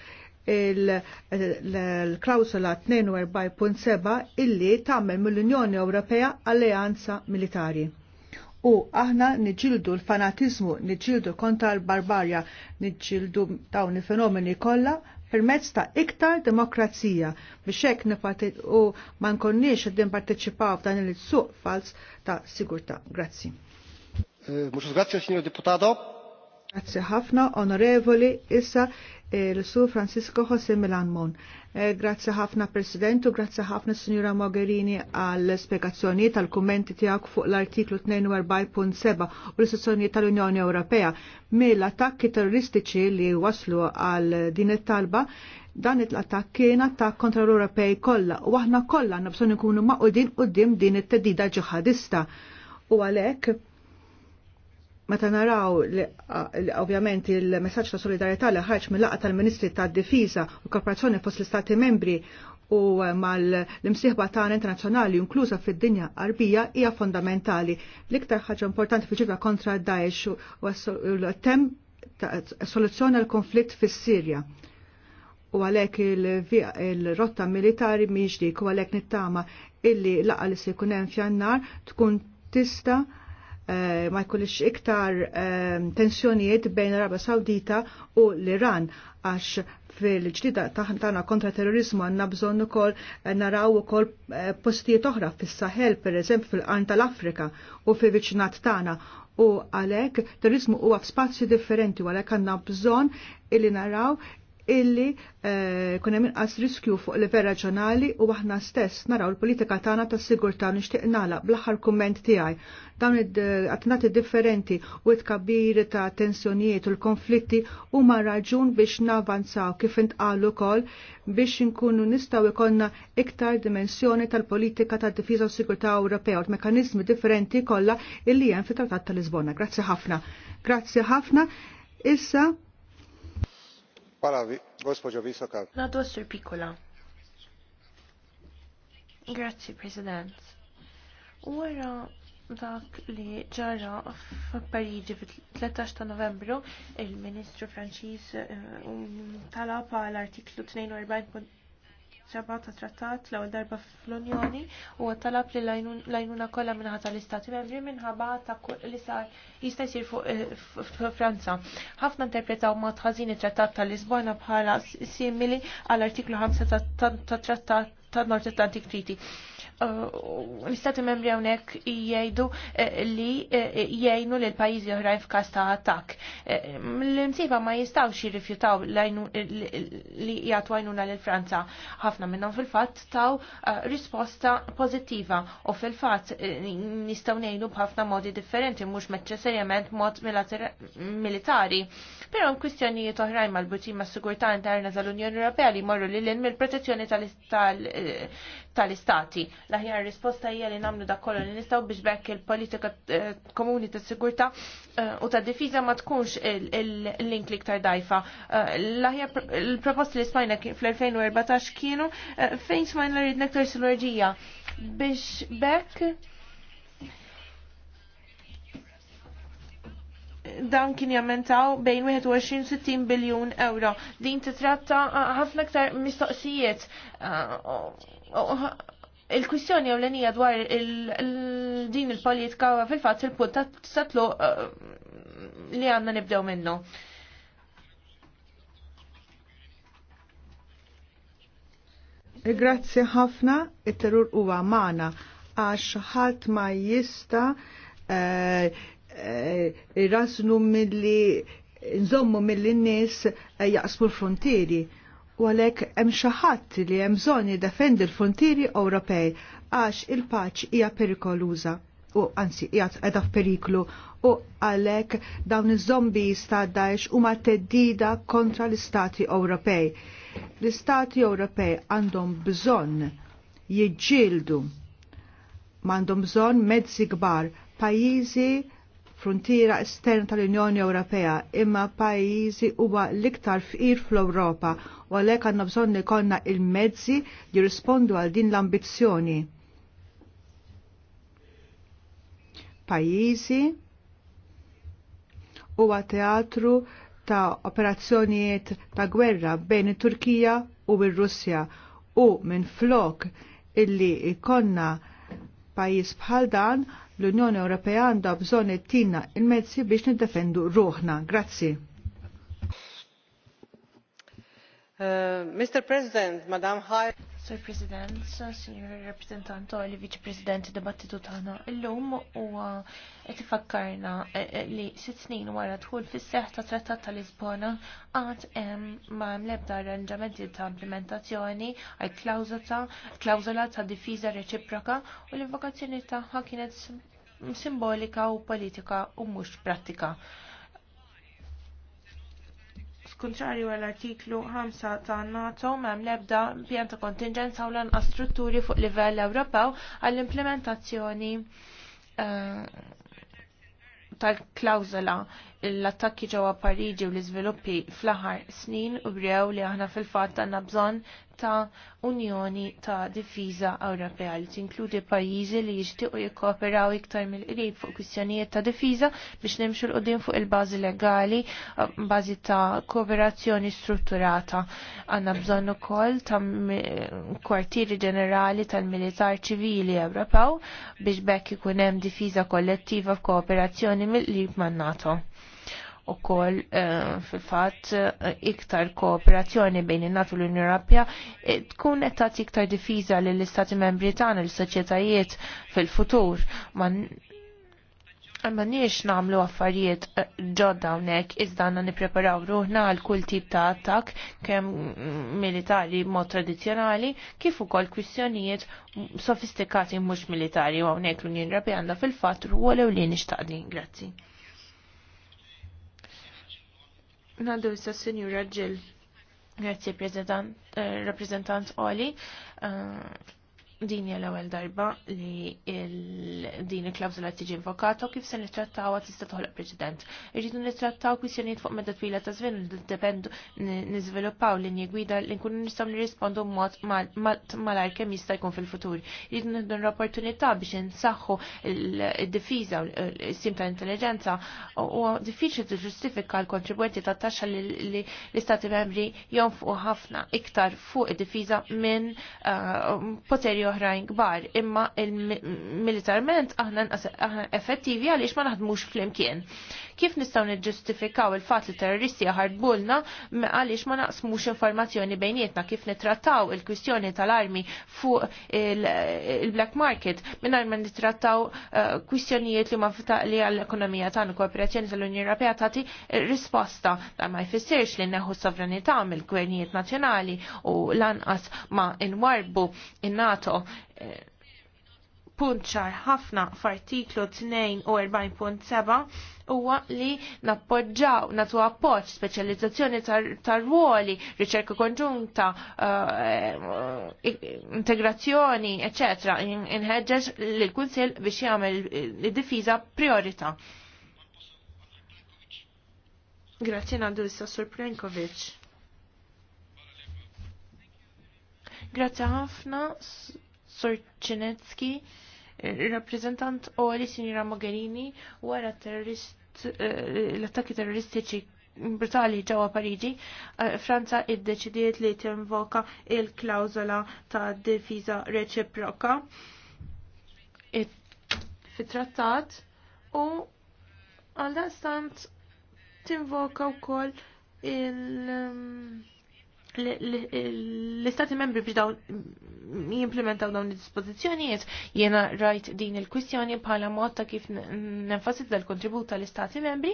il-klausula 42.7 illi tagħmel mill-Unjoni Ewropea alleanza militari. U aħna niġildu l-fanatizmu, niġildu kontra l-barbarja, nġildu dawn il-fenomeni kollha permezz ta' iktar demokrazija biex hekk u ma nkunniex qegħdin parteċipaw f'dan il-suq fals ta' sigurtà. Grazzi. Eh, Muxu grazzi, signor deputato. Grazzi ħafna, onorevoli, issa il-Sur Francisco Jose Milanmon. Grazie eh, Grazzi ħafna President u grazzi ħafna Signora Mogherini għall spiegazzjoni tal-kommenti tiegħek fuq l-artiklu 42.7 u l-istazzjoni tal-Unjoni Ewropea mill-attakki terroristiċi li waslu għal din it-talba dan it-attakk kien attakk kontra l-Ewropej kollha u aħna kollha nabżon ikunu maqudin qudiem din it-tedida ġihadista. U għalhekk meta naraw li ovvjament il-messaġġ ta' solidarjetà li ħarġ mill-laqgħa tal-Ministri tad-Difiża u korporazzjoni fost l-Istati Membri u mal-imsieħba tagħna internazzjonali inkluża fid-dinja qarbija hija fondamentali. L-iktar ħaġa importanti fiġibra kontra Daesh u tem soluzzjoni għal konflitt fis-Sirja u għalhekk il-rotta militari miġdik u għalhekk nittama illi laqa li se jkun hemm fjannar tkun tista' Eh, ma jkollix iktar eh, tensjonijiet bejn l-Arabja Sawdita u l-Iran għax fil-ġdida taħna kontra terrorizmu għanna bżonn ukoll eh, naraw ukoll postijiet oħra fis-Sahel, eżempju fil-qarn tal-Afrika u fil-viċinat tagħna u għalek terrorizmu huwa f'spazju differenti u għalek għanna bżon illi naraw illi eh, kun hemm inqas riskju fuq livell raġjonali u aħna stess naraw il-politika tagħna tas-sigurtà nixtieq nagħlaq bl-aħħar kumment tiegħi dawn id-attnati eh, differenti u t-kabbir ta' tensjonijiet u l-konflitti u ma' raġun biex navanzaw kif intqalu kol biex nkunu nistaw ikonna iktar dimensjoni tal-politika tad difiża u sigurtà Ewropea u mekanizmi differenti kollha illi hemm fit-Trattat tal Lisbona. Grazzi ħafna. Grazzi ħafna. Issa gospođo visoka Grazie, President. Wara dak li ġara f-Parigi fit-13 ta' Novembru, il-Ministru Franċiż eh, um, talab għal artiklu 42 ġabba ta' trattat l ewwel darba fl-Unjoni u talab li l-għajnuna kollha minħa tal-Istati Membri minħabba ta' li sa jista' jsir fuq eh, Franza. Ħafna interpretaw ma it trattat tal-Lisbona bħala simili għall-artiklu 5 tat trattat tan-Nord Atlantic Treaty l-istati membri għonek jgħidu eh, li eh, jgħinu li l-pajizi oħrajn f'kas ta' attak. Eh, L-imsiba ma jistawx jirrifjutaw li jgħatu għajnuna l-Franza. ħafna minnom fil-fat taw risposta pozittiva u fil-fat nistaw nejnu bħafna modi differenti, mux meċċessarjament mod militari. Pero kwistjonijiet oħrajn mal-butin ma' sigurta interna tal-Unjoni Ewropea li morru li l inmi mill-protezzjoni tal tal-istati. L'aħjar risposta hija li namlu dak kollu li nistgħu biex bekk il-politika eh, komuni ta' sigurtà eh, u ta' difiża ma tkunx il-link liktar dajfa. Eh, l-aħjar il-proposti li smajna fl-2014 kienu fejn smajna rid nektar sinerġija biex bekk dan kien jammentaw bejn 21-60 biljun euro. Din titratta ħafna ktar mistoqsijiet. Il-kwistjoni ewlenija dwar din il-politika fil fat il-punt satlu li għanna nibdew minnu. E Grazzi ħafna, it-terur huwa magħna għax ħadd ma jista' eh, Eh, rasnu milli nżommu mill-nies eh, jaqsmu l-frontieri u għalek hemm xi ħadd li hemm bżonn jiddefendi l-frontieri Ewropej għax il-paċ hija perikoluża u anzi hija qiegħda f'periklu u għalhekk dawn iż-zombies ta' Daesh huma teddida kontra l-Istati Ewropej. L-Istati Ewropej għandhom bżonn jiġġieldu m'għandhom bżonn mezzi kbar pajjiżi frontiera estern tal-Unjoni Ewropea imma pajjiżi huwa l-iktar fqir fl-Ewropa u għalhekk għandna bżonn ikollna il-mezzi li jirrispondu għal din l-ambizzjoni. Pajjiżi huwa teatru ta' operazzjonijiet ta' gwerra bejn it-Turkija u r-Russja u minn flok illi ikonna pajis bħal dan L-Unjoni Ewropea għandha bżonn it-tina il-mezzi biex niddefendu ruħna. Grazzi. Uh, Mr. President, Madam High Sir President, Sir Rappresentant li Vice President dibattitu tagħna illum huwa qed ifakkarna eh, eh, li sitt snin wara dħul fis-seħħ ta' Trattat ta' Lisbona għad hemm ma hemm l-ebda arranġamenti ta' implementazzjoni għal klawżola klawżola ta' difiża reċiproka u l-invokazzjoni tagħha kienet simbolika u politika u mhux prattika kontrarju għall artiklu 5 ta' NATO mem lebda pjanta ta' kontingenza u lanqas strutturi fuq livell Ewropew għall-implementazzjoni eh, tal-klawzola l-attakki ġewwa Pariġi u l-iżviluppi fl-aħħar snin u brew li aħna fil-fatt għandna bżonn ta' Unjoni ta' Difiża Ewropea li tinkludi pajjiżi li jixtiequ jikkooperaw iktar mill-qrib fuq kwistjonijiet ta' difiża biex nimxu l-qudiem fuq il-bażi legali, bażi ta' kooperazzjoni strutturata. Għandna bżonn ukoll ta' kwartieri ġenerali tal-Militar Ċivili Ewropew biex bekk ikun hemm difiża kollettiva f'kooperazzjoni mill-qrib man-NATO u koll uh, eh, fil-fat uh, eh, iktar kooperazzjoni bejn il-NATO l-Unjoni Ewropea eh, tkun qed tagħti iktar difiża lill istati membri tagħna l soċjetajiet fil-futur. Ma nix namlu affarijiet ġodda hawnhekk iżda għandna nippreparaw ruħna għal kull tip ta' attak kemm mm, militari mod tradizzjonali kif ukoll kwistjonijiet sofistikati mhux militari u hawnhekk l-Unjoni Ewropea għandha fil-fatt ruol ewlieni xtaqdin. Grazzi. Nadu issa senjur Ġil. Grazie, eh, rappresentant Oli. Eh, din l-ewwel darba li din il-klawżola tiġi invokata kif se nittrattawha tista' toħloq preċedent. Irridu nittrattaw kwistjonijiet fuq meta twila ta' żvin li dependu niżviluppaw linji gwida li nkunu nistgħu nirrispondu mod malajr kemm jista' jkun fil-futur. Irridu nieħdu l-opportunità biex insaħħu d-difiża u l-sim ta' intelligenza u diffiċli tiġġustifika l-kontribwenti ta' taxxa li l-istati membri jonfqu ħafna iktar fuq id-difiża minn eh, poterju oħrajn kbar, imma il-militarment aħna effettivi għaliex ma naħdmux flimkien. Kif nistgħu niġġustifikaw il-fatt li terroristi ħarbulna għaliex ma naqsmux informazzjoni bejnietna kif nitrattaw il-kwistjoni tal-armi fuq il-black market mingħajr ma nitrattaw eh, kwistjonijiet li ma li għall-ekonomija tagħna kooperazzjoni tal-Unjoni Ewropea tagħti risposta dan ma jfissirx li neħu sovranità mill-gvernijiet nazzjonali u lanqas ma inwarbu in-NATO. in eh, nato punt ċar ħafna f'artiklu 42.7 huwa li nappoġġaw, natu appoġġ speċjalizzazzjoni tar-ruoli, tar riċerka konġunta, uh, integrazzjoni, ecc. Inħeġġeġ l-Kunsil biex jagħmel id-difiża priorità. Grazie Nandu issa Sur Plenkovic. Grazie ħafna, Sur Il-rappresentant Oli Sinjora Mogherini wara terrorist eh, l-attakki terroristiċi brutali ġewwa Pariġi, eh, Franza iddeċidiet li tinvoka il klawzola ta' difiża reċiproka fit-trattat u għal stant tinvoka wkoll il- mm, l-istati membri biex daw jimplementaw dawn il-dispozizjonijiet jena rajt din il-kwistjoni bħala mod ta' kif nenfasizza l-kontribut tal-istati membri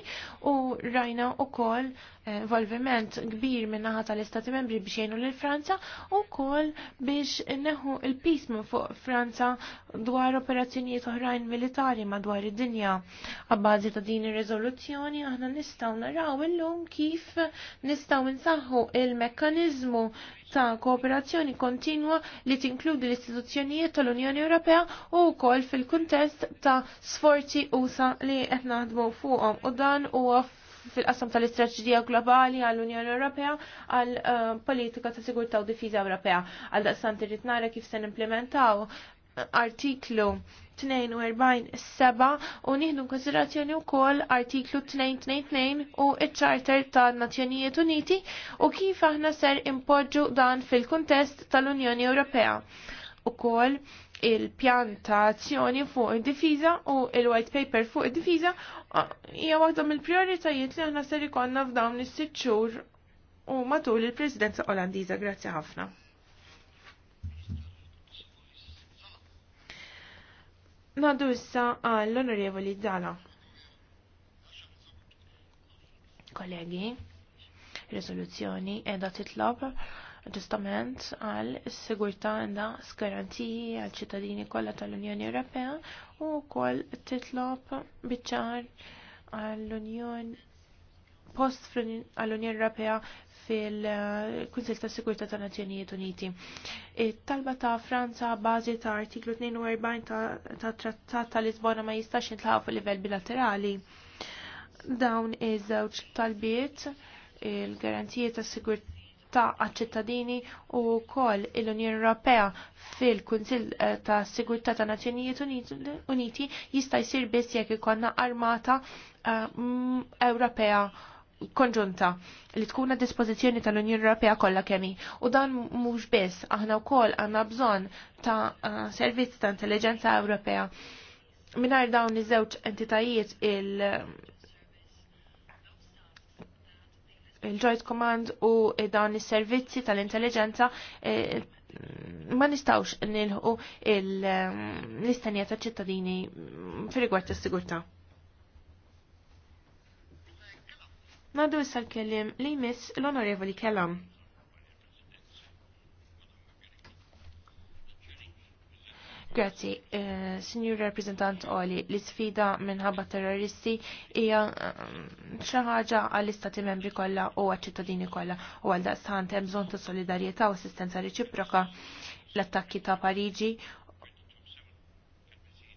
u rajna u koll involviment kbir min-naħa tal-Istati Membri biex jgħinu lil Franza u wkoll biex neħu il-pis minn fuq Franza dwar operazzjonijiet oħrajn militari madwar id-dinja. Abbażi ta' din ir-riżoluzzjoni aħna nistgħu naraw illum kif nistgħu nsaħħu il-mekkaniżmu ta' kooperazzjoni kontinwa li tinkludi l-istituzzjonijiet tal-Unjoni Ewropea u wkoll fil-kuntest ta' sforzi usa li qed naħdmu fuqhom u dan huwa fil-qasam tal-istraġġija globali għall-Unjoni Ewropea għal eh, politika ta' sigurtà u difiża Ewropea. Għal daqsan trid nara kif se nimplementaw artiklu 42-7 u nieħdu konsiderazzjoni wkoll artiklu 222 u iċ-Charter tan Nazzjonijiet Uniti u kif aħna ser impoġġu dan fil-kuntest tal-Unjoni Ewropea. Ukoll il-pjanta azzjoni fuq id-difiża u il-white paper fuq id-difiża hija waħda mill-prioritajiet li aħna ser ikollna f'dawn is-sitt xhur u matul il-Presidenza Olandiża. Grazzi ħafna. Nadu issa għall-Onorevoli Dala. Kollegi, risoluzzjoni edha titlob ġustament għal is-sigurtà s-garantiji għal ċittadini kollha tal-Unjoni Ewropea u wkoll titlob biċċar għall-Unjoni post għall-Unjoni Ewropea fil-Kunsil ta' Sigurtà ta' Nazzjonijiet Uniti. It-talba ta' Franza bażi ta' artiklu 42 ta' Trattat ta' Lisbona ma jistax jintlaħu fil-livell bilaterali. Dawn iż-żewġ talbiet il-garantijiet ta' sigurtà ta' għal-ċittadini u kol l unjoni Ewropea fil-Kunsil eh, ta' Sigurtà ta' Nazzjonijiet Uniti jista' jsir biss jekk ikonna armata eh, mm, Ewropea konġunta li tkun a dispożizzjoni tal-Unjoni Ewropea kollha kemmi. U dan mhux biss aħna wkoll għandna bżonn ta' eh, servizz ta' intelligenza Ewropea. Minar dawn iż-żewġ entitajiet il- il-Joint Command u dawn is-servizzi tal-intelligenza eh, ma nistawx nilħu mm, l-istanija ta' ċittadini fil-rigward ta' sigurta. Nadu issa l-kellim li miss l-onorevoli kellam. Grazzi, Uh, Signor Rappresentant Oli, l-sfida minħabba terroristi hija eh, xi ħaġa għall-istati membri kollha u għaċ-ċittadini kollha u għal daqstant hemm bżonn ta' solidarjetà u assistenza reċiproka l-attakki ta' Pariġi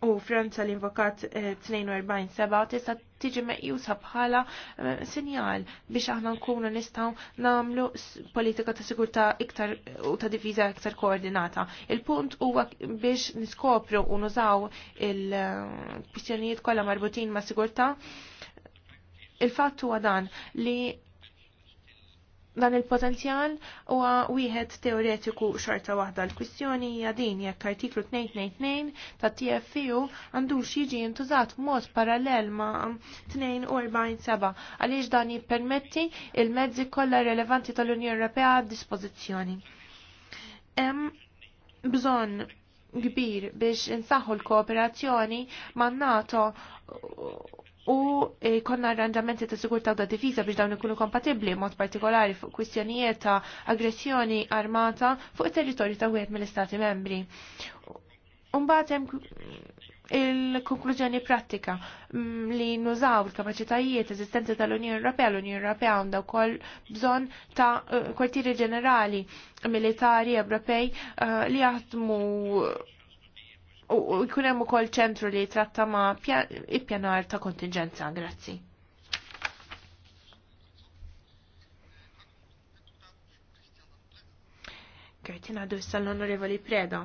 u Franza l-invokat 42-7 eh, tista tiġi meqjusa bħala eh, sinjal biex aħna nkunu nistgħu nagħmlu politika ta' sigurtà iktar u ta' diviża iktar koordinata. Il-punt huwa biex niskopru u nużaw il-kwistjonijiet eh, kollha marbutin ma' sigurtà il-fatt huwa dan li dan il-potenzjal huwa wieħed teoretiku xorta waħda l-kwistjoni hija din jekk artiklu 222 ta' TFU għandux jiġi jintużat mod parallel ma' 247 għaliex dan jippermetti il-mezzi kollha relevanti tal-Unjoni Ewropea għad dispożizzjoni. Hemm bżonn kbir biex insaħħu l-kooperazzjoni ma' NATO u e, konna arranġamenti ta' sigurta ta' divisa biex dawn ikunu kompatibli mod partikolari fuq kwistjonijiet ta' aggressjoni armata fuq it-territorju ta' wieħed mill-Istati membri. Umbagħad hemm il-konklużjoni prattika mm, li nużaw il-kapaċitajiet eżistenti tal-Unjoni Ewropea, l-Unjoni Ewropea għandha wkoll bżonn ta' eh, kwartieri ġenerali militari Ewropej eh, li jaħdmu u jkun hemm ukoll ċentru li tratta ma' ippjanar ta' kontingenza. Grazzi. Grazzi ngħadu issa l-Onorevoli Preda.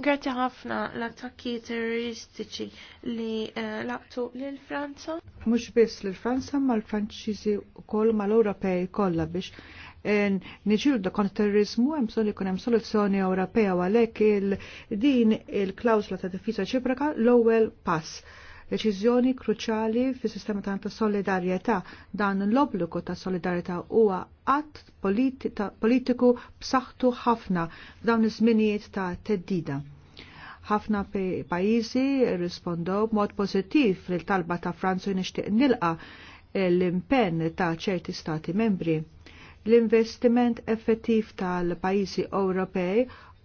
Grazzi ħafna l-attakki terroristiċi li eh, laqtu l-Franza. Mhux biss l-Franza ma l-Franċiżi u koll ma l-Ewropej kollha biex niġildu kont terrorizmu hemm bżonn kunem hemm soluzzjoni Ewropea għalhekk il-din il-klawsla ta' defisa ċipraka l-ewwel pass deċiżjoni kruċali fis sistema ta' solidarjetà dan l-obbligu ta' solidarjetà huwa att politiku b'saħħtu ħafna f'dawn iż-żminijiet ta' teddida. Ħafna pajjiżi rispondow b'mod pożittiv lil talba ta' Franzu nixtieq nilqa l-impenn ta' ċerti stati membri L-investiment effettiv tal-pajjiżi Ewropej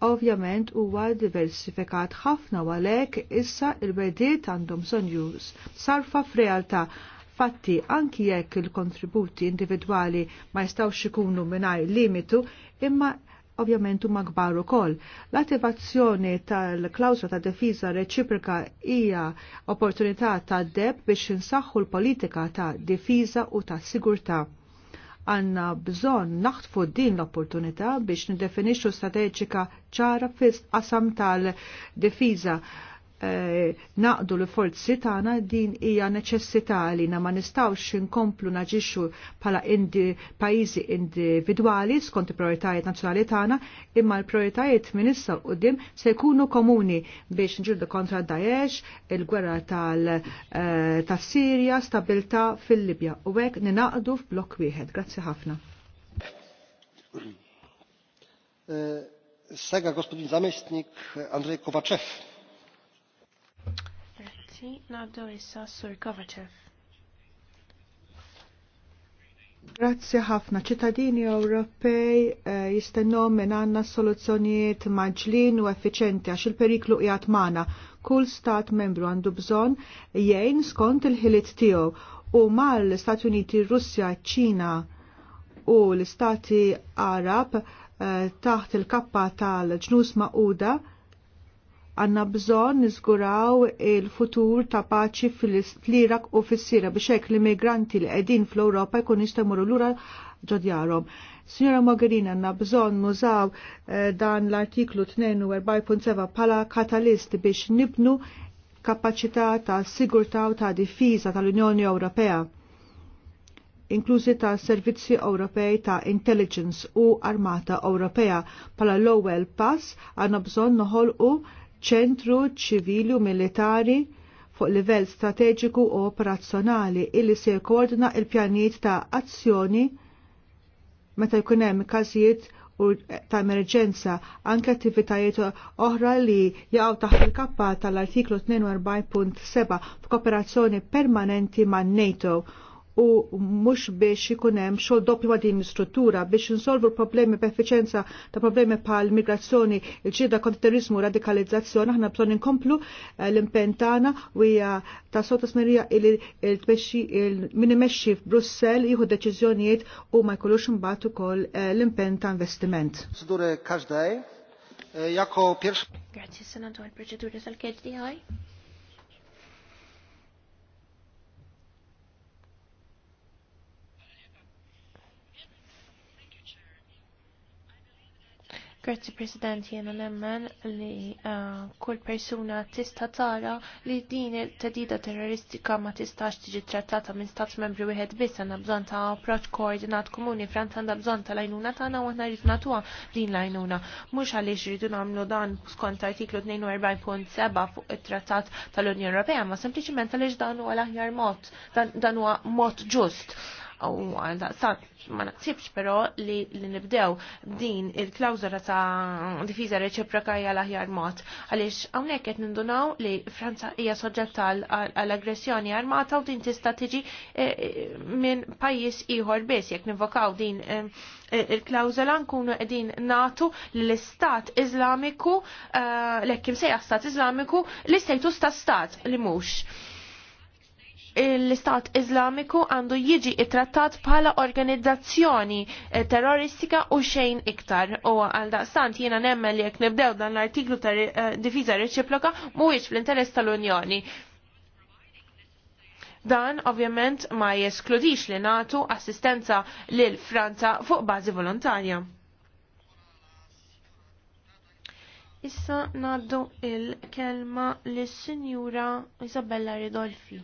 ovvjament huwa diversifikat ħafna u għalhekk issa il-bediet għandhom bżonn sarfa f'realtà fatti anki jekk il-kontributi individwali ma jistawx ikunu mingħajr limitu imma ovvjament huma kbar ukoll. L-attivazzjoni tal-klawsra ta' defiża reċiproka hija opportunità ta' deb biex insaħħu l-politika ta' difiża u ta' sigurtà għanna bżon naħtfu din l-opportunità biex nidefinixxu strateġika ċara fis qasam tal-difiża Eh, naqdu l-forzi tagħna din hija neċessità li na ma nistgħux inkomplu naġixxu bħala indi pajjiżi individwali skont il-prioritajiet nazzjonali tagħna, imma l-prioritajiet minn issa qudiem se jkunu komuni biex nġirdu kontra Daesh, il-gwerra tal eh, sirja stabilità fil-Libja u hekk ninaqdu f'blokk wieħed. Grazzi ħafna. Eh, Sega gospodin zamestnik Andrej Kovacev. Grazzi, naddu issa Sur Kovacev. Grazzi ħafna ċittadini Ewropej eh, jistennom minn għandna soluzzjonijiet maġlin u effiċenti għax il-periklu qiegħed magħna. Kull stat membru għandu bżonn jgħin skont il-ħiliet tiegħu u mal-Stati Uniti, Russja, Ċina u l-Istati Arab eh, taħt il-kappa tal-ġnus Mauda għanna bżon nizguraw il-futur ta' paċi fl-Irak u fil sira biex hekk l-immigranti li qegħdin fl-Ewropa jkun jistemuru lura ġodjarhom. Signora Mogherini għanna bżon nużaw eh, dan l-artiklu 42.7 pala katalist biex nibnu kapacità ta' sigurtà u ta' difiża tal-Unjoni Ewropea inklużi ta' servizzi Ewropej ta' intelligence u armata Ewropea pala l-ewwel pass għandna bżonn noħolqu ċentru ċivili u militari fuq livell strateġiku u operazzjonali illi se jkoordna il-pjanijiet ta' azzjoni meta jkun hemm każijiet ta' emerġenza anke attivitajiet oħra li jaqgħu taħt il-kappa tal-artiklu 42.7 f'kooperazzjoni permanenti man NATO u mux biex ikun xol doppi doppju ma' din l biex insolvu l-problemi b'effiċenza ta' problemi bħal migrazzjoni, il ġida kont terrorizmu, radikalizzazzjoni, ħna bżon inkomplu eh, l-impentana u hija ta' sota smerija il min imexxi f'Brussell jieħu deċiżjonijiet u ma jkollux imbagħad ukoll eh, l-impenn ta' investiment. Procedure każdej e, jako pierwszy. Grazie senator, procedure tal-keddi għaj. Grazzi President, jena nemmen li uh, kull persuna tista tara li din il-tedida terroristika ma tistax tiġi trattata minn stat membri wieħed biss għandna bżonn ta' approċċ koordinat komuni frant għandha bżonn tal-għajnuna tagħna u aħna rrid nagħtuha din l-għajnuna. Mhux għaliex rridu nagħmlu dan skont artiklu 42.7 fuq it-Trattat tal-Unjoni Ewropea, ma sempliċiment għaliex dan huwa l-aħjar mod, dan huwa mod ġust u għal-daqsat ma naqsibx però li nibdew din il-klawżola ta' difiza reċiproka hija l-aħjar mod għaliex hawnhekk qed nindunaw li Franza hija soġġetta għall-aggressjoni armata u din tista' tiġi e, e, minn pajjiż ieħor biss jekk nivokaw din e, il-klawżola nkunu qegħdin natu l-Istat Iżlamiku l-ekkim sejja Stat Islamiku l-istatus ta' Stat li mhux l-Istat Islamiku għandu jiġi it-trattat bħala organizzazzjoni eh, terroristika u xejn iktar. U għal daqstant jiena nemmen li jekk nibdew dan l-artiklu ta' eh, difiża reċiproka mhuwiex fl-interess tal-Unjoni. Dan ovvjament ma jeskludix li natu assistenza lil Franza fuq bażi volontarja. Issa naddu il-kelma lis sinjura Isabella Ridolfi.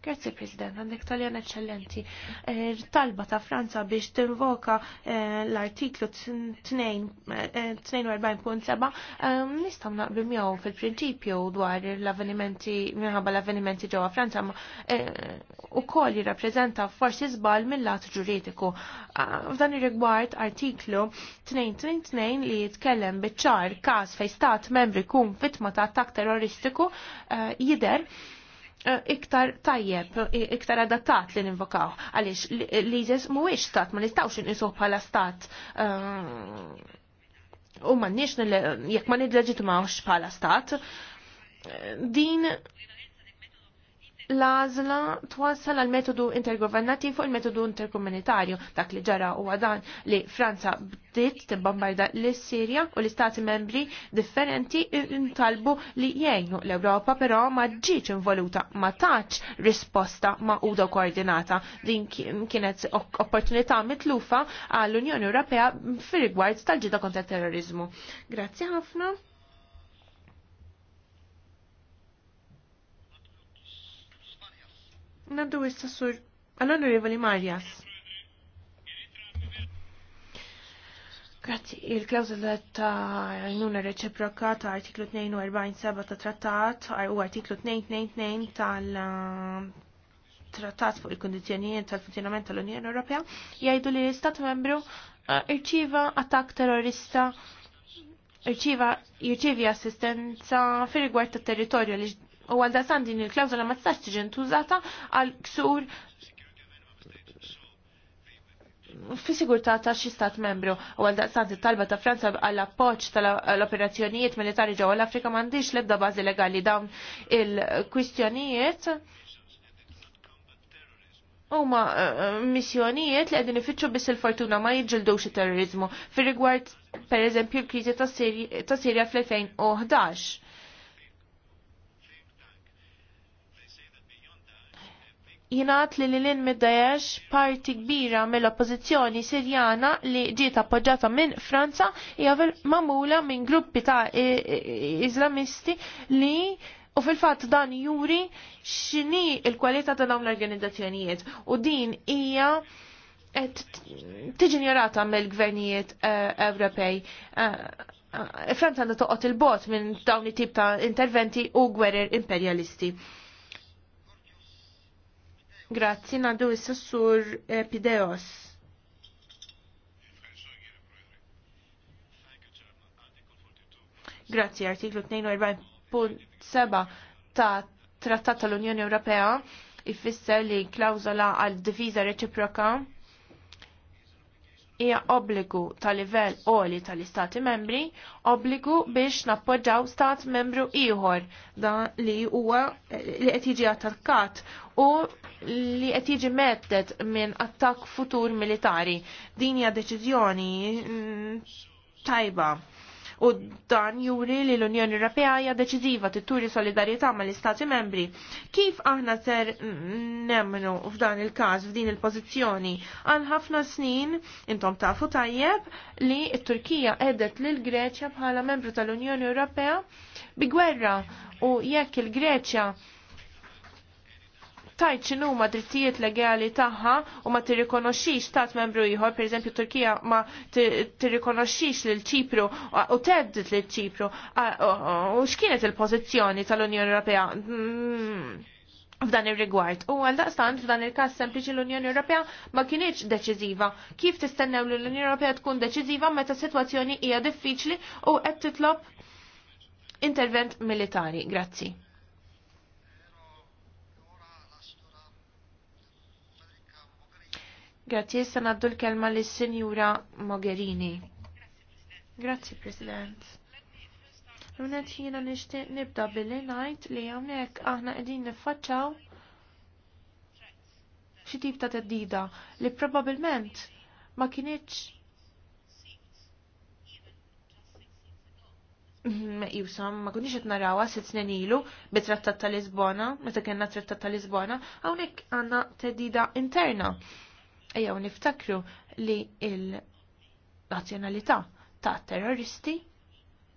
Grazie President, għandek taljon eccellenti. Er, talba ta' Franza biex tinvoka eh, l-artiklu 42.7 eh, ehm, nistaw naqbim jew fil-prinċipju dwar l-avvenimenti minħabba l-avvenimenti ġewwa Franza ma eh, ukoll jirrappreżenta forsi żball mill-lat ġuridiku. F'dan ir-rigward artiklu 222 li jitkellem biċ-ċar każ fejn stat membri kum fitma ta' attak terroristiku jider Eh, iktar tajjeb, iktar adattat li ninvokaw. Għalix, l-ISIS muwix stat, ma nistawx nisuħ bħala stat. Ehm, u ma nix, jek ma nidleġitimawx bħala stat, eh, din l azla twassal għal metodu intergovernativ u l metodu interkomunitarju dak li ġara u għadan li Franza bdiet tibbombarda l-Sirja u l-istati membri differenti intalbu li jgħinu l-Ewropa però ma ġiċ involuta ma taċ risposta ma uda koordinata din kienet opportunità mitlufa għall-Unjoni Ewropea fir rigward tal-ġida kontra terrorizmu. Grazzi ħafna. Nandu issa sur għall-Onorevoli Marjas. Grazzi, il-klawzula ta' għajnuna reċiproka ta' artiklu seba' ta' trattat u artiklu 222 tal uh, trattat fuq il-kondizjonijiet tal-funzjonament tal-Unjoni Ewropea jgħidu li l-Istat membru uh, irċiva attak terrorista irċiva jirċivi assistenza fir rigward ta' territorju li U għalda san din il-klawzola ma tistax tiġi ntużata għal ksur fi sigurtà ta' xi stat membru u għal daqstant it-talba ta' Franza għall appoġġ tal-operazzjonijiet militari ġewwa l-Afrika m'għandix l-ebda bażi legali dawn il-kwistjonijiet huma eh, missjonijiet li qegħdin ifittxu biss il-fortuna ma jiġġildux it-terrorizmu fir-rigward pereżempju l-kriżi ta' Sirja fl-2011 jinaħt li l in mid-Daesh parti kbira mill-oppozizjoni sirjana li ġiet appoġġata minn Franza hija mamula minn gruppi ta' islamisti li u fil-fatt dan juri x'inhi l-kwalità ta' dawn l-organizzazzjonijiet u din hija tiġi ignorata mill-gvernijiet eh, Ewropej. Eh, eh, Franza għandha toqgħod il-bot minn dawn it-tip ta' interventi u gwerer imperjalisti. Grazzi, nadu issa sur Pideos. Grazzi, artiklu 42.7 ta' Trattat tal-Unjoni Ewropea ifisser li klawzola għal divisa reċiproka hija obbligu ta' livell għoli tal-istati membri, obbligu biex nappoġġaw stat membru ieħor dan li huwa li qed jiġi attakkat u li qed jiġi meddet minn attakk futur militari. Din hija deċiżjoni mm, tajba u dan juri li l-Unjoni Ewropea hija deċiżiva titturi solidarjetà mal-Istati membri. Kif aħna ser nemmnu f'dan il-każ f'din il-pożizzjoni għal ħafna snin intom tafu tajjeb li t-Turkija edet lil Greċja bħala membru tal-Unjoni Ewropea bi gwerra u jekk il-Greċja tajt xinu ma drittijiet legali tagħha u ma tirrikonoxxix stat membru ieħor, eżempju Turkija ma tirrikonoxxix l Ċipru u teddet lil Ċipru. U x'kienet il-pożizzjoni tal-Unjoni Ewropea? Hmm, f'dan ir-rigward. U għal daqstant f'dan il-każ sempliċi l-Unjoni Ewropea ma kienx deċiżiva. Kif tistennew li l-Unjoni Ewropea tkun deċiżiva meta sitwazzjoni hija diffiċli u qed titlob intervent militari. Grazzi. Grazie, issa naddu l-kelma lis sinjura Mogherini. Grazie, President. Runet jiena nixtieq nibda billi ngħid li hawnhekk aħna qegħdin niffaċċaw xi tip ta' teddida li probabbilment ma kienitx Jusam, ma kunix qed narawha sitt snin ilu bit-Trattat ta' Lisbona, meta kellna Trattat ta' Lisbona, hawnhekk għandna teddida interna ejjew niftakru li il-nazzjonalità ta' terroristi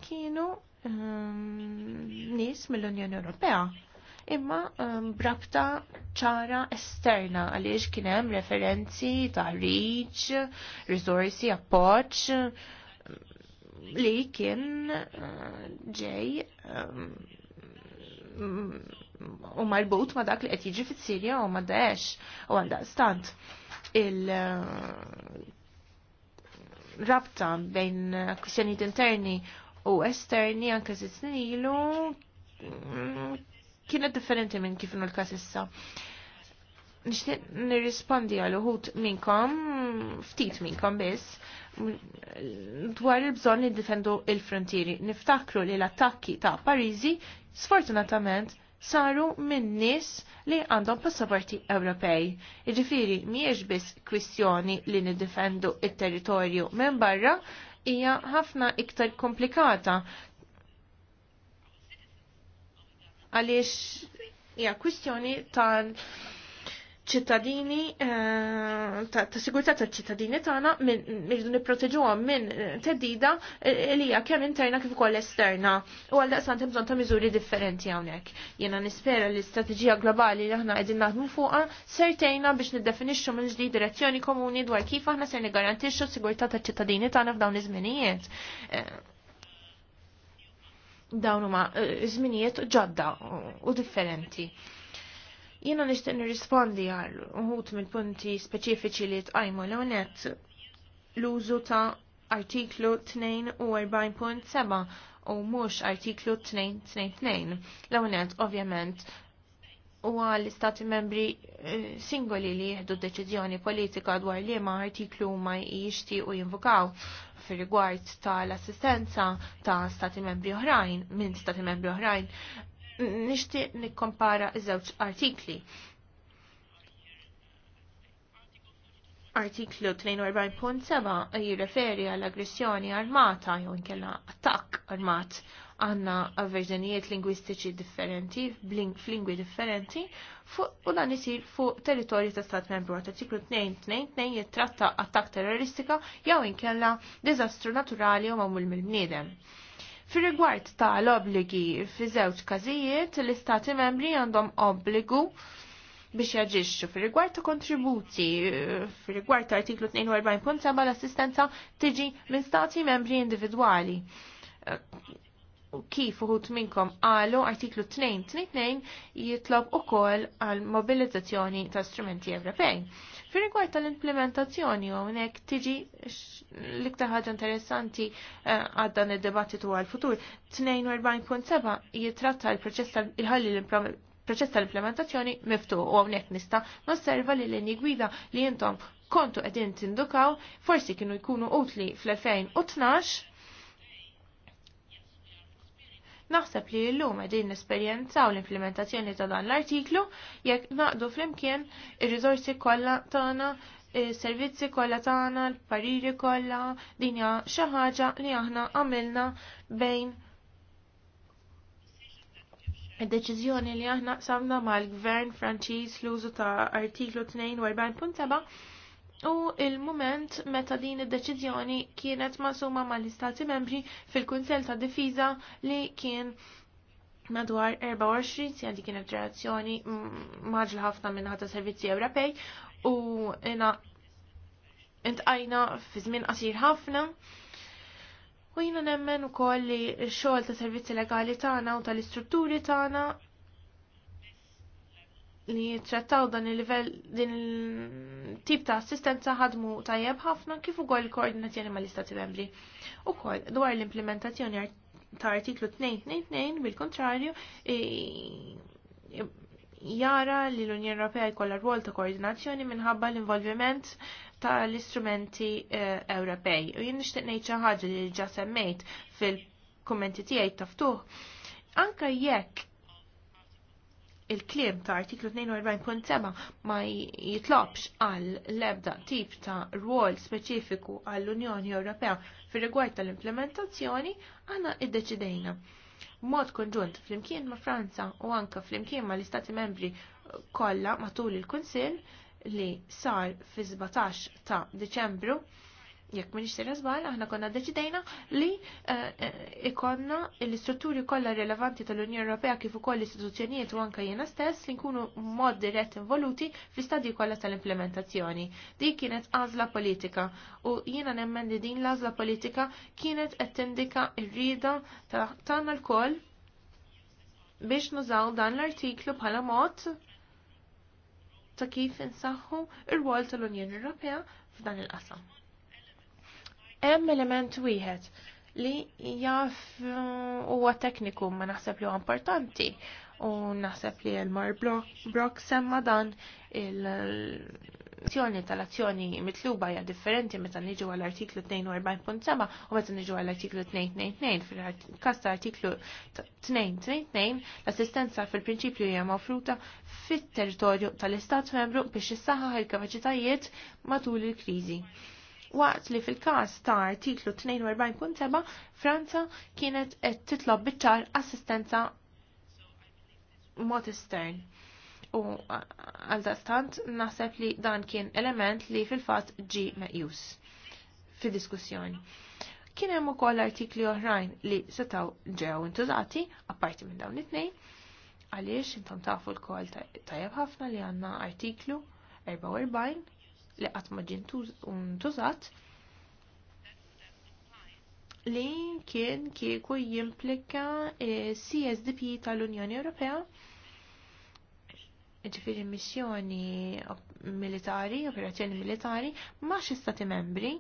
kienu um, ehm, nis mill-Unjoni Ewropea imma um, brabta ċara esterna għaliex kien hemm referenzi ta' riċ, risorsi, appoġġ li kien uh, ġej um, u marbut ma dak li qed jiġi fis-Sirja u ma Daesh u għal stant il-rabta eh, bejn kwistjonijiet interni u esterni anke se snin ilu mm, kienet differenti minn kif l każ issa. Nixtieq nirrispondi għal uħut minnkom, ftit minnkom biss, dwar il-bżonn li defendu il-frontieri. Niftakru li l-attakki ta' Pariżi sfortunatament saru minn nies li għandhom passaporti Ewropej. Jiġifieri mhijiex biss kwistjoni li niddefendu il territorju minn barra, hija ħafna iktar komplikata għaliex hija kwistjoni tal ċittadini eh, ta' sigurtà ta' ċittadini tagħna minn nipproteġuhom minn teddida eh, li hija kemm interna kif ukoll esterna. U għal daqsan hemm bżonn ta' miżuri differenti hawnhekk. Jiena nispera li l-istrateġija globali li aħna qegħdin naħdmu fuqha sertejna biex niddefinixxu minn ġdid direzzjoni komuni dwar kif aħna ser nigarantixxu s-sigurtà ta' ċittadini tagħna f'dawn iż-żminijiet. Eh, dawn huma żminijiet ġodda u differenti. Jiena nixtieq nirrispondi għal uħut mill-punti speċifiċi li tqajmu l net l-użu ta' artiklu 42.7 u mhux artiklu 222. L-għonet ovvjament u l-istati membri eh, singoli li jihdu deċizjoni politika dwar li ma artiklu ma jishti u jinvokaw fir rigward tal-assistenza ta' stati membri oħrajn, minn stati membri oħrajn, nixtieq nikkompara iż-żewġ artikli. Artiklu 42.7 jirreferi għall aggressjoni armata jew inkella attakk armat għanna avverżjonijiet lingwistiċi differenti, f'lingwi differenti, u dan isir fuq territorju ta' stat membru. Artiklu 2.2.2 jittratta attakk terroristika jew inkella diżastru naturali u mamul mill-bniedem. Fir-rigward ta' l obligi fi żewġ każijiet, l-istati membri għandhom obbligu biex jaġixxu fir-rigward ta' kontributi fir-rigward ta' artiklu 42.7 l-assistenza tiġi minn stati membri individwali. kif uħut minkom għalu artiklu 2.2.2 jitlob ukoll għal mobilizzazzjoni ta' strumenti Ewropej. Fir-rigward tal-implementazzjoni u hawnhekk tiġi l-iktar ħaġa interessanti eh, għad dan id-dibattitu għal-futur. 42.7 jitratta l-proċess tal-ħalli proċess tal-implementazzjoni l miftuħ u hawnhekk nista nosserva li l inni gwida li jintom kontu għedin tindukaw forsi kienu jkunu utli fl-2012 Naħseb li llum lum nesperjenzaw l-implementazzjoni ta' dan l-artiklu jekk naqdu flimkien ir rizorsi kollha tagħna, il servizzi kollha tagħna, l-pariri kollha, din hija xi ħaġa li aħna għamilna bejn id-deċiżjoni li aħna samna mal-Gvern Franċiż l-użu ta' artiklu 42.7 u il-moment meta din id-deċiżjoni kienet maqsuma mal-Istati membri fil-Kunsell ta' Difiża li kien madwar 24 sija li kienet reazzjoni mm, maġla ħafna minn ħata servizzi Ewropej u jena intqajna fi żmien qasir ħafna. U jina nemmen ukoll li x-xogħol ta' servizzi legali tagħna u tal-istrutturi tagħna li jittrattaw dan il-livell din il-tip ta' assistenza ħadmu tajjeb ħafna kif ukoll il koordinazzjoni mal-Istati Membri. Ukoll dwar l-implementazzjoni ta' artiklu 222 bil-kontrarju jara li l-Unjoni Ewropea jkollha rwol ta' koordinazzjoni minħabba l-involviment ta' l-istrumenti eh, Ewropej. U jien nixtieq ngħid xi ħaġa li ġasemmejt semmejt fil-kummenti tiegħi taftuħ. Anka jekk il-klim ta' artiklu 42.7 ma jitlobx għal lebda tip ta' rwol speċifiku għall-Unjoni Ewropea fir rigward tal-implementazzjoni għanna id-deċidejna. Mod konġunt flimkien ma' Franza u anka flimkien ma' l-Istati membri kollha matul il-Kunsill li sar fi 17 ta' Deċembru jekk minix serja zbal, aħna konna deċidejna li eh, eh, ikonna l-istrutturi kollha rilevanti tal-Unjoni Ewropea kif ukoll l-istituzzjonijiet u anke jiena stess li nkunu mod dirett involuti fl-istadji kollha tal-implementazzjoni. Di kienet għażla politika u jiena nemmendi din l-għażla politika kienet qed tindika r-rieda tagħna l-koll biex nużaw dan l-artiklu bħala mod ta' kif insaħħu ir wol tal-Unjoni Ewropea f'dan il-qasam. Hemm element wieħed li jaf uh, huwa tekniku ma naħseb li huwa importanti u naħseb li l-mar Brock semma dan il- azzjoni tal-azzjoni mitluba hija differenti meta niġu għall artiklu 42.7 u meta niġu għall artiklu 222 fil-każ ta' artiklu 222 l-assistenza fil-prinċipju hija mafruta fit-territorju tal-Istat membru biex issaħħaħ il-kapaċitajiet matul il-kriżi waqt li fil-każ ta' artiklu 42.7 Franza kienet qed titlob biċ-ċar assistenza mod estern. U għaldastant naħseb li dan kien element li fil-fatt ġi meqjus fid-diskussjoni. Kien hemm ukoll artikli oħrajn li setaw ġew intużati, apparti minn dawn it-tnejn, għaliex intom tafu l-kol tajjeb ħafna li għandna artiklu 44 li qatt ma ġie ntużat um, li kien kieku jimplika eh, CSDP tal-Unjoni Ewropea ġifiri missjoni militari, operazzjoni militari, ma xistati membri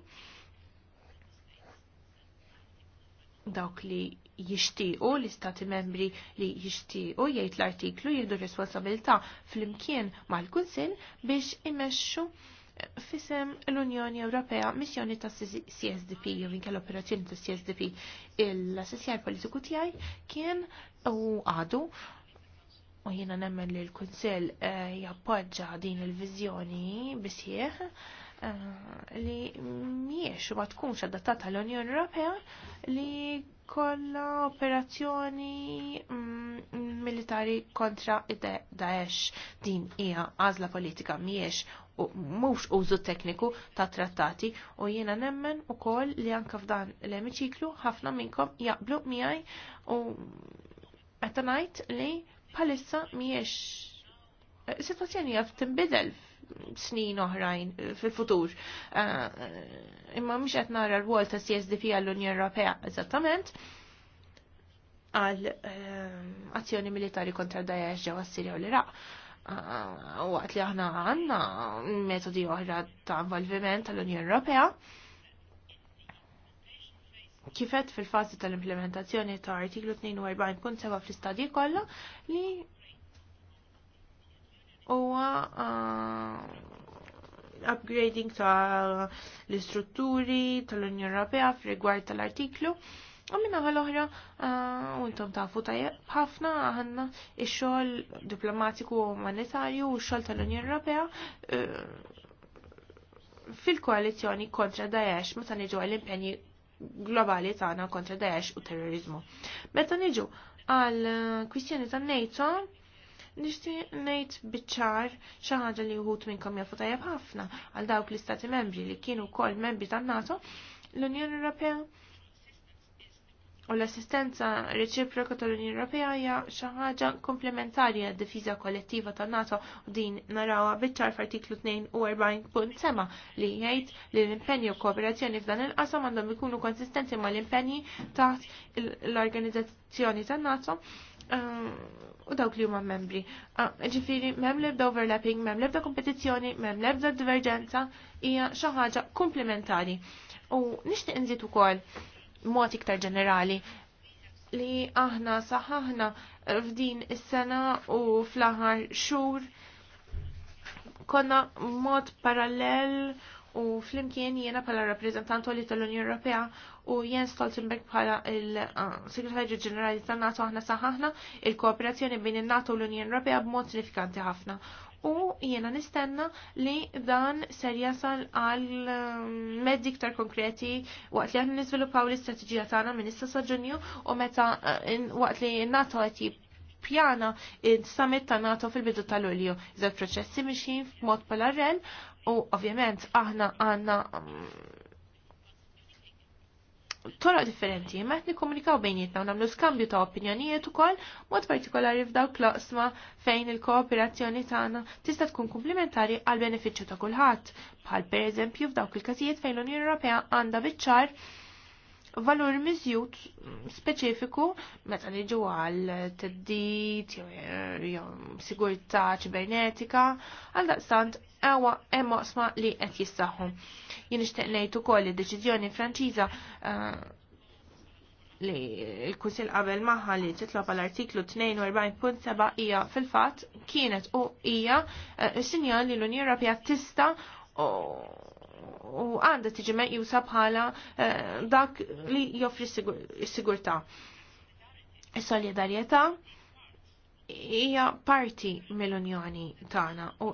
dawk li jishtiqu l-istati membri li jishtiqu jgħid l-artiklu jieħdu responsabilta fl-imkien mal kunsil biex imexxu fisem l-Unjoni Ewropea missjoni ta' CSDP jew inkel operazzjoni ta' CSDP il-assessjar politiku tiegħi kien u għadu u jiena nemmen li l kunsel eh, jappoġġa din il-viżjoni bisieħ Eh, li miex ma tkunx adattata l-Unjoni Ewropea li kolla operazzjoni mm, militari kontra Daesh din hija għażla politika miex u mhux użu tekniku ta' trattati u jiena nemmen ukoll li anke f'dan l-emiċiklu ħafna minnkom jaqblu miħaj u qed ngħid li bħalissa miex eh, situazzjoni għaf tinbidel snin oħrajn eh, fil-futur. Eh, imma mhux qed nara l-wol ta' CSDP għall-Unjoni Ewropea eżattament għal eh, azzjoni militari kontra Daesh ġewwa Sirja u l-Iraq. Waqt li aħna għandna metodi oħra ta' involviment tal-Unjoni Ewropea kifet fil-fazi tal-implementazzjoni ta' artiklu 42.7 fl-istadji kollha li huwa uh, upgrading ta' l-istrutturi tal-Unjoni Ewropea f'rigward tal-artiklu. U minna għal oħra uh, u intom tafu futa ħafna għanna il-xol diplomatiku u umanitarju u xol tal-Unjoni Ewropea uh, fil-koalizjoni kontra Daesh, meta niġu għall-impenji globali tagħna kontra Daesh u terrorizmu. Meta niġu għal kwistjoni tan NATO, nixtieq ngħid biċ-ċar xi ħaġa li wħud minnkom jafu tajjeb ħafna għal dawk l-istati membri li kienu wkoll membri tan-NATO, l-Unjoni Ewropea u l-assistenza reċiproka tal-Unjoni Ewropea hija xi ħaġa komplementarja għad difiża kollettiva tan-NATO u din narawha biċ-ċar f'artiklu 42.7 li jgħid li l-impenju u kooperazzjoni f'dan il-qasam għandhom ikunu konsistenti mal-impenji taħt l-organizzazzjoni tan-NATO ehm, u dawk li huma membri. Ah, Ġifieri m'hemm lebda overlapping, mem lebda kompetizjoni, kompetizzjoni, m'hemm divergenza, diverġenza hija xi ħaġa komplementari. U nixtieq nżid ukoll mod iktar ġenerali li aħna saħaħna f'din is-sena u fl-aħħar xhur konna mod parallel u flimkien jiena pala rappresentant li tal-Unjoni Ewropea u Jens Stoltenberg bħala il-Segretarju Ġenerali tan-NATO aħna saħaħna il-kooperazzjoni bejn in-NATO u l-Unjoni Ewropea b'mod sinifikanti ħafna. U jiena nistenna li dan ser jasal għal um, medzi iktar konkreti waqt li aħna niżviluppaw l istrategija tagħna minn issa sa' Ġunju u meta uh, waqt li n-NATO qed Pjana il-summit ta' NATO fil-bidu tal-Ulju. Iżda proċessi mixin f'mod palarrel u ovvjament aħna għanna mm, toroq differenti, meħt nikomunikaw bejnietna u namlu skambju ta' opinjonijiet u koll, mod partikolari f'dawk klasma fejn il-kooperazzjoni tagħna tista' tkun komplementari għal benefiċċju ta' kulħadd, bħal pereżempju f'dawk il-każijiet fejn l-Unjoni Ewropea għandha biċ-ċar valur mizjut speċifiku meta niġu għal teddit jew sigurtà ċibernetika għal daqstant ewa hemm oqsma li qed jistaxu. Jien nixtieq ngħid ukoll id-deċiżjoni Franċiża eh, li l-Kunsil qabel maħħa li titlob għal artiklu 42.7 hija fil-fatt kienet u hija eh, sinjal li l unjera Ewropea tista' u għandha tiġi meqjusa bħala eh, dak li joffri s-sigurtà. Is-solidarjetà hija parti mill-Unjoni tagħna u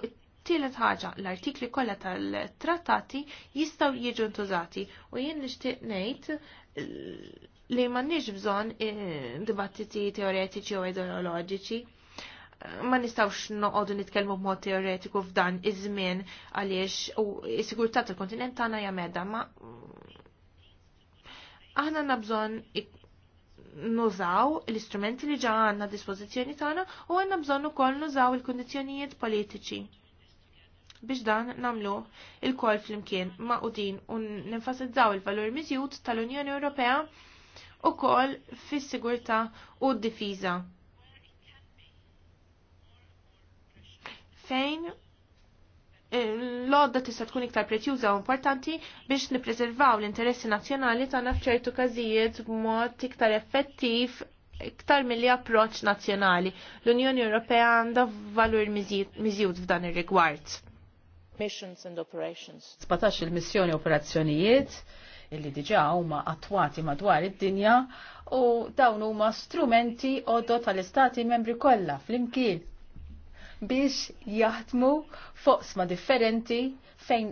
tielet ħaġa l-artikli kollha tal-trattati jistgħu jiġu ntużati u jien nixtieq ngħid eh, li m'għandniex bżonn eh, dibattiti teoretiċi u ideoloġiċi ma nistawx noqogħdu nitkellmu b'mod teoretiku f'dan iż-żmien għaliex u s-sigurtà tal-kontinent tagħna hija medda, ma aħna nabżon nużaw l-istrumenti li ġa għandna dispożizzjoni tagħna u għandna bżonn ukoll nużaw il-kundizzjonijiet politiċi biex dan namlu il-kol flimkien ma' u din u nenfasizzaw il-valur miżjud tal-Unjoni Ewropea u kol fis-sigurtà u d-difiża. fejn l-odda tista' tkun iktar preċjuża u importanti biex nipreservaw l-interessi nazzjonali tagħna f'ċertu każijiet b'mod iktar effettiv iktar mill-li approċ nazzjonali. L-Unjoni Ewropea għandha valur miżjud f'dan ir-rigward. Missions and operations. Spatax il-missjoni operazzjonijiet illi diġa huma attwati madwar id-dinja u dawn huma strumenti għodot tal-istati membri kollha flimkien biex jaħdmu sma differenti fejn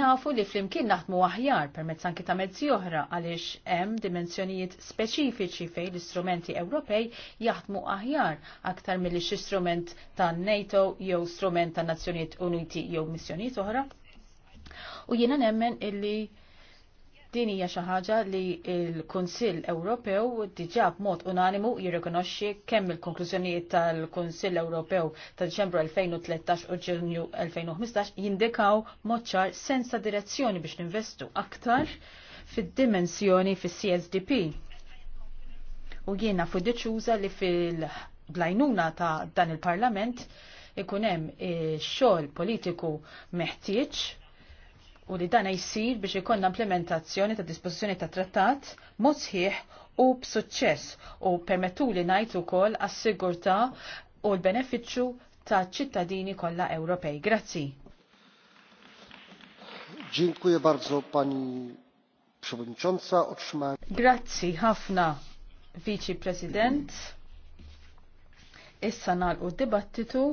nafu li flimkien naħdmu aħjar permezz anki ta' mezzi oħra għaliex hemm dimensjonijiet speċifiċi fejn l-istrumenti Ewropej jaħdmu aħjar aktar mill strument ta' NATO jew strument ta' Nazzjonijiet Uniti jew missjonijiet oħra. U jiena nemmen illi Din hija xi ħaġa li l-Kunsill Ewropew diġà b'mod unanimu jirrikonoxxi kemm il-konklużjonijiet tal-Kunsill Ewropew ta' Ġembru 2013 u Ġunju 2015 jindikaw mod ċar direzzjoni biex ninvestu aktar fid-dimensjoni fis-CSDP. U jiena fiduċuża li fil-blajnuna ta' dan il-Parlament ikun hemm eh, xogħol politiku meħtieġ u li dan jisir biex ikonna implementazzjoni ta' disposizjoni ta' trattat mod sħiħ u b'suċċess u permettu li najtu kol għas-sigurta u l-beneficju ta' ċittadini kollha Ewropej. Grazzi. Dziękuję bardzo pani przewodnicząca. Otrzymałem... Grazzi ħafna, viċi prezydent. Issa nagħlqu d-dibattitu.